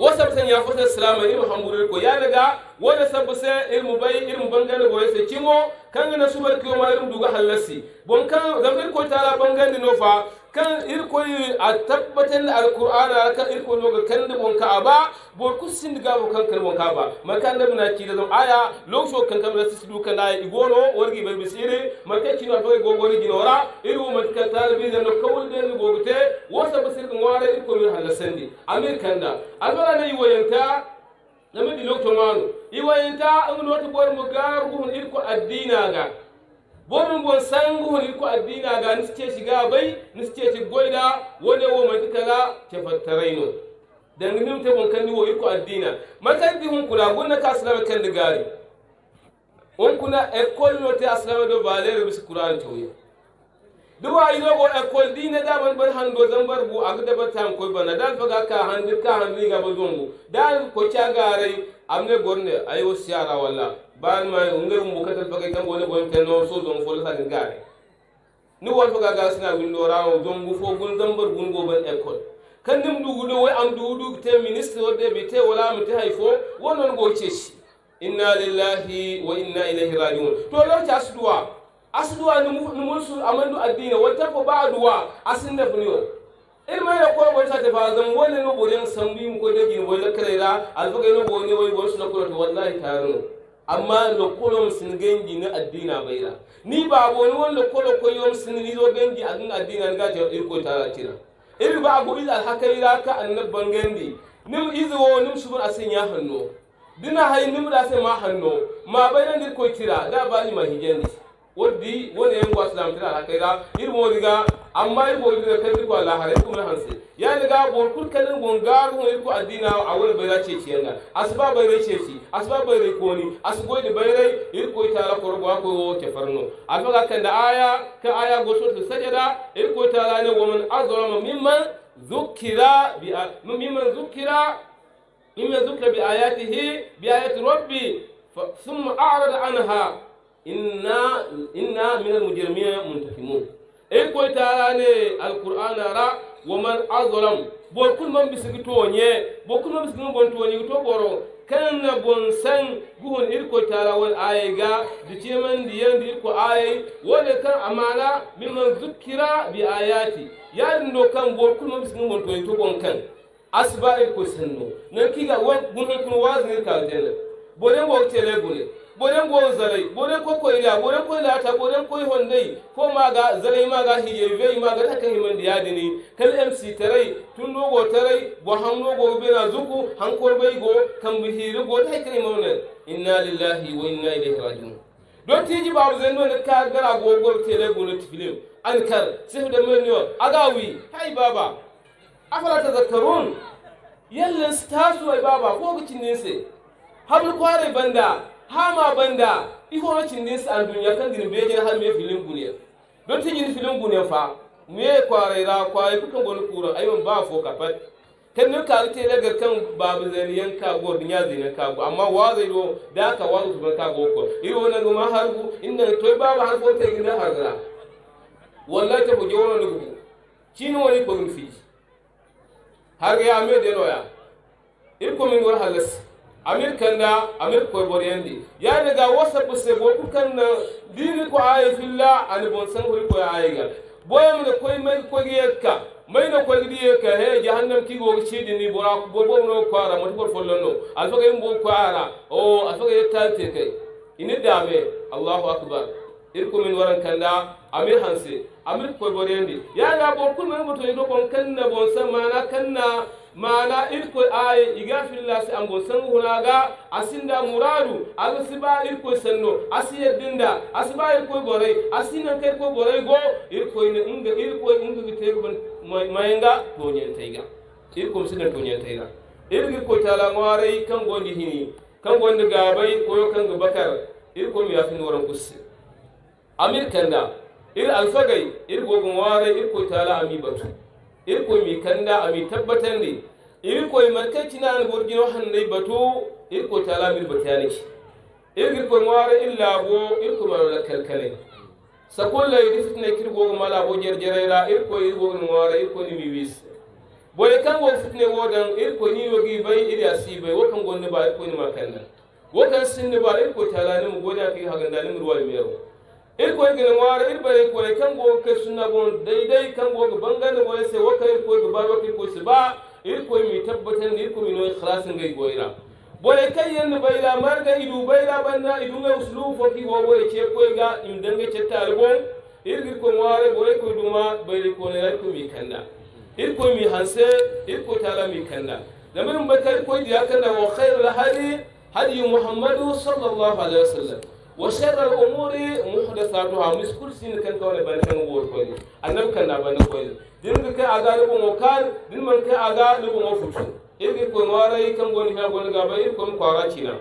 wo sabsan ya fota salama ilmu hamburu ko ya daga wona sabse ilmu bay ilmu bangande go yese cimo kanga na subal ko ma ilmu duga halasi bon kan zamir ko tala bangande no fa kan irkoy a tabbatar da alqur'ana kan irkoy no kan da bon ka ba bor ku sin da bo kan kan ka ba makan da na ci da zam aya long kan kan da su du kan da igono wargi bar bisire man kan ci no to go go ni ginora iru man kan talbi da no kawul da ni gogote wasa basir irin wara irkoy min halasandi amir kan da albara ne wayanta wano lokto manu iwayanta ngno wata bor mu gar gun irko addina ga bomin bon sangu ne ko addina ga ce shiga bai niske ci goida wanda wo mai kala ke fattaraino danginim te bon kandi wo ko addina matan di hun kula gonna ka salama kan digari on kuna ekol no te aslama do valere bis qur'an to duwa ino go ekol dine da ban ban hando zambar bar a aga da batan bana da faga ka handir ka handir ga bazongo da ko cha gare amne gorne ayo siara walla ban ma ungar mu kata faga kan gole gon tel no so zon fol sa gare ni wal faga ga sina windo rawo wa bu fo gun zambar gun go ban ekol kan dim du wai am du du te ministre de bi te wala mu te haifo wonon go ceshi inna lillahi wa inna ilaihi rajiun to lo cha ni numunsu amandu addini wata ko ba'duwa asinda buniyo ilma ya ko boy sa tefa zam wala no bolen sambi mu ko degi wani la krela alfaga no boni boy boy suna ko to wallahi taru amma lo kolom sin gengi na addina da ni ba boni wala kolo ko yom sin ni zo gengi agin addina na gajiyar irko ta tira ibi ba da alhakari alhakaira ka annabban gendi nim izo nim subur asin ya hannu dina hay nim da sai ma hannu ma bai nan irko tira da bali ma ne? wodi woni en waslam tira ala kayra ir ga amma ir modiga kadri ko ala hare kuma hanse yani ga bor kur kanin gongar ko ir ko adina awol bayra ce ce nga asba bayra ce ci asba bayra ko ni asgo ni bayra ir ko tala ko ko ko ke farno amma ga kan da aya ka aya go so sajada ir ko tala ne waman azlama mimman zukira bi mimman zukira mimman zukira bi ayatihi bi ayati rabbi ثم أعرض عنها inna minal min muntakimun e koytarane alqur'an ara man azlam bo kun man bisigi toñe bo kun man bisigi bon toñi to boro na bon san guhon ir koytara won aye ga di ceman di yandi ir ko ayi wala kan amala man zukkira bi ayati ya do kan bo kun man bisigi bon toñi to bon kan asba ir ko sanno nan kiga wa gunon ko wazni ka bo bolen wo tele bolen boden go zalai boden ko iriya boden ko lata boden ko hondai ko maga zalai maga hiye vei maga ta kan himan diya dini kal mc tarai tun dogo tarai go han dogo na zuku han korbai go kan bi hiru go ta kan ne inna lillahi wa inna ilaihi rajiun don tiji babu zan don ka gara go go tele go tifile an ankar sai da yo agawi hai baba afala tazakkarun yallan stasu ai baba ko gicin ne sai har kware banda hama banda cin cindi an dunya kan ni beje har me filin gune don ti ni filin gune fa me kware ra kware kukan gonu kura ayon ba fo ka pat kan ne ka rite daga kan babu zaniyan ka go dunya zaniyan ka go amma wa zai do da ka wa zuba ka go ko iyo na ruma har ku inda to babu har ko te gina har ra wallahi ta buje wono lugu chino wani kogin fi har ya me de loya irko min gor halas amir kanda amir koyboriyendi yani ga wasa buse bo kukan kanna dini ko aye filla ani bon san hori ko aye gal boye mun koy mai ko yekka mai na ko gidiye ka he jahannam ki go chidi ni bora ko bo bo no ko ara mo ko follono aso ga imbo ko ara o aso ga yetante kai ini dame allahu akbar irko min waran kanda amir hanse amir koyboriyendi ya ga bon kun mai moto yido bon kanna bon san mana kanna mana irko aye igafilla si ango sanguhuna hunaga asinda muradu aga siba irko sanno asi yerdinda asiba irko gore asina kai ko borai go irko ne inga irko inga gite ban mayenga tonyen taiga irko sidan tonyen tega irko ko tala ngware kan gondi hini kan gondi gabai ko kan gabakar irko mi yafin woran kusse amir kanda ir alfagai ir gogon ware irko tala ami batu irkoy mi kanda ami tabbatandi irkoy markay cinani borjino handay batu irkoy talamir batayaniki irgirkoy ŋwara illabo irkoy manola kalkale sakolla idi fitne kirgogo malabo jerjerayra irkoy irgogni ŋwara irkoy nimi wis boye kango fitne wodan ni niyogi bay iri bai wokan gonni ba ni nima kanda wokan sinni ba irkoy talanimi godi mu hagandanimirwawi mero irko gele ngwara irbare ko le kango ke sunna gon daidai kango ga bangare go se waka irko ga bar waka ko se ba irko mi tabbatan irko mi no ikhlas ngai goira bole kai yan baila marga idu baila banna idu ngai uslu foki go bole ce ko ga imdange che talbo irgir ko ngwara bole ko duma baile ko ne ko mi kanda irko mi hanse irko tala mi kanda lamin bakar ko ya kanna wa khairul hadi hadi muhammadu sallallahu alaihi wasallam وشر الأمور محدثاتها مسكول سين كان كون بان كان وور كوني أنا كان بان كوني دين بك أجا لبون وكان دين من كان أجا لبون وفوشن إيه كون وارا يكم غوني كان غوني غابا إيه كون كوارا تينا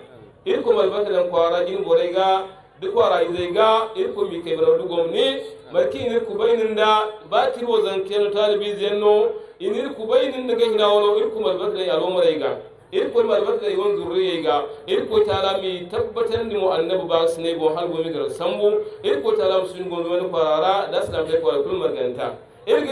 إيه كون البنك لان كوارا دين بوريغا duk wara izai ga irko mi kai bara dugo ne marki inir kubainin da ba kirwo zan kenu talibi zenno inir kubainin da ga hinawo irko marbar da yaro marai ga irko ma barka iwan zurriye ga ko ta mi tabbatar ni mu annabi ba su ne bo har gomi gar sambu irko tala su ni gomi wani kwarara da su da kai kwara kulmar ganta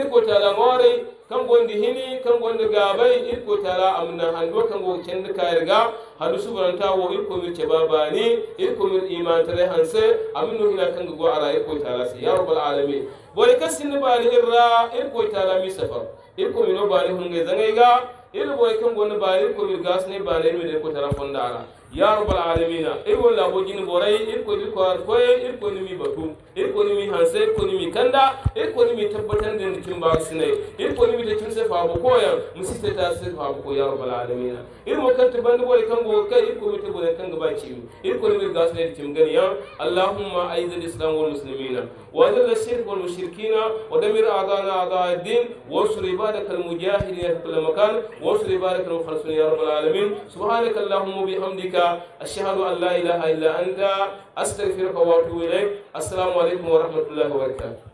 ko ta tala ngore kan gondi hini kan gondi gabai ko irko tala amna hando kan go kendi kayarga hadu su baranta wo ko mi ce babani irko mi iman tare hanse aminu hina kan go ara ta la sai ya rabbal alamin bori kasin bali irra irko tala mi safar irko mi no bali hunga ga? irboy kan gonno baari ko wir gasne baare mi de ko tara fondara ya rabbal alamin irwon labo jini boray irko dir ko ko koye ko ni mi batum irkoni mi hanse ni mi kanda ni mi tabbatar da nikin ba su ne ni mi da kin sai fabu koyan musita ta ta sai fabu ko ya rabbal alamin irmo kan ta bandu boy kan go kai irko mi tabbata kan ga ba ci ni mi ga su ne kin gani ya allahumma aiz al islam wal muslimina wa zal al shirk wal mushrikina wa damir a'dana a'da din wa sur ibadak al mujahidin fi kull makan wa sur ibadak al mukhlisin ya rabbal alamin subhanak allahumma bihamdika ashhadu an la ilaha illa anta astaghfiruka wa atubu ilaik assalamu Assalamualaikum warahmatullahi wabarakatuh.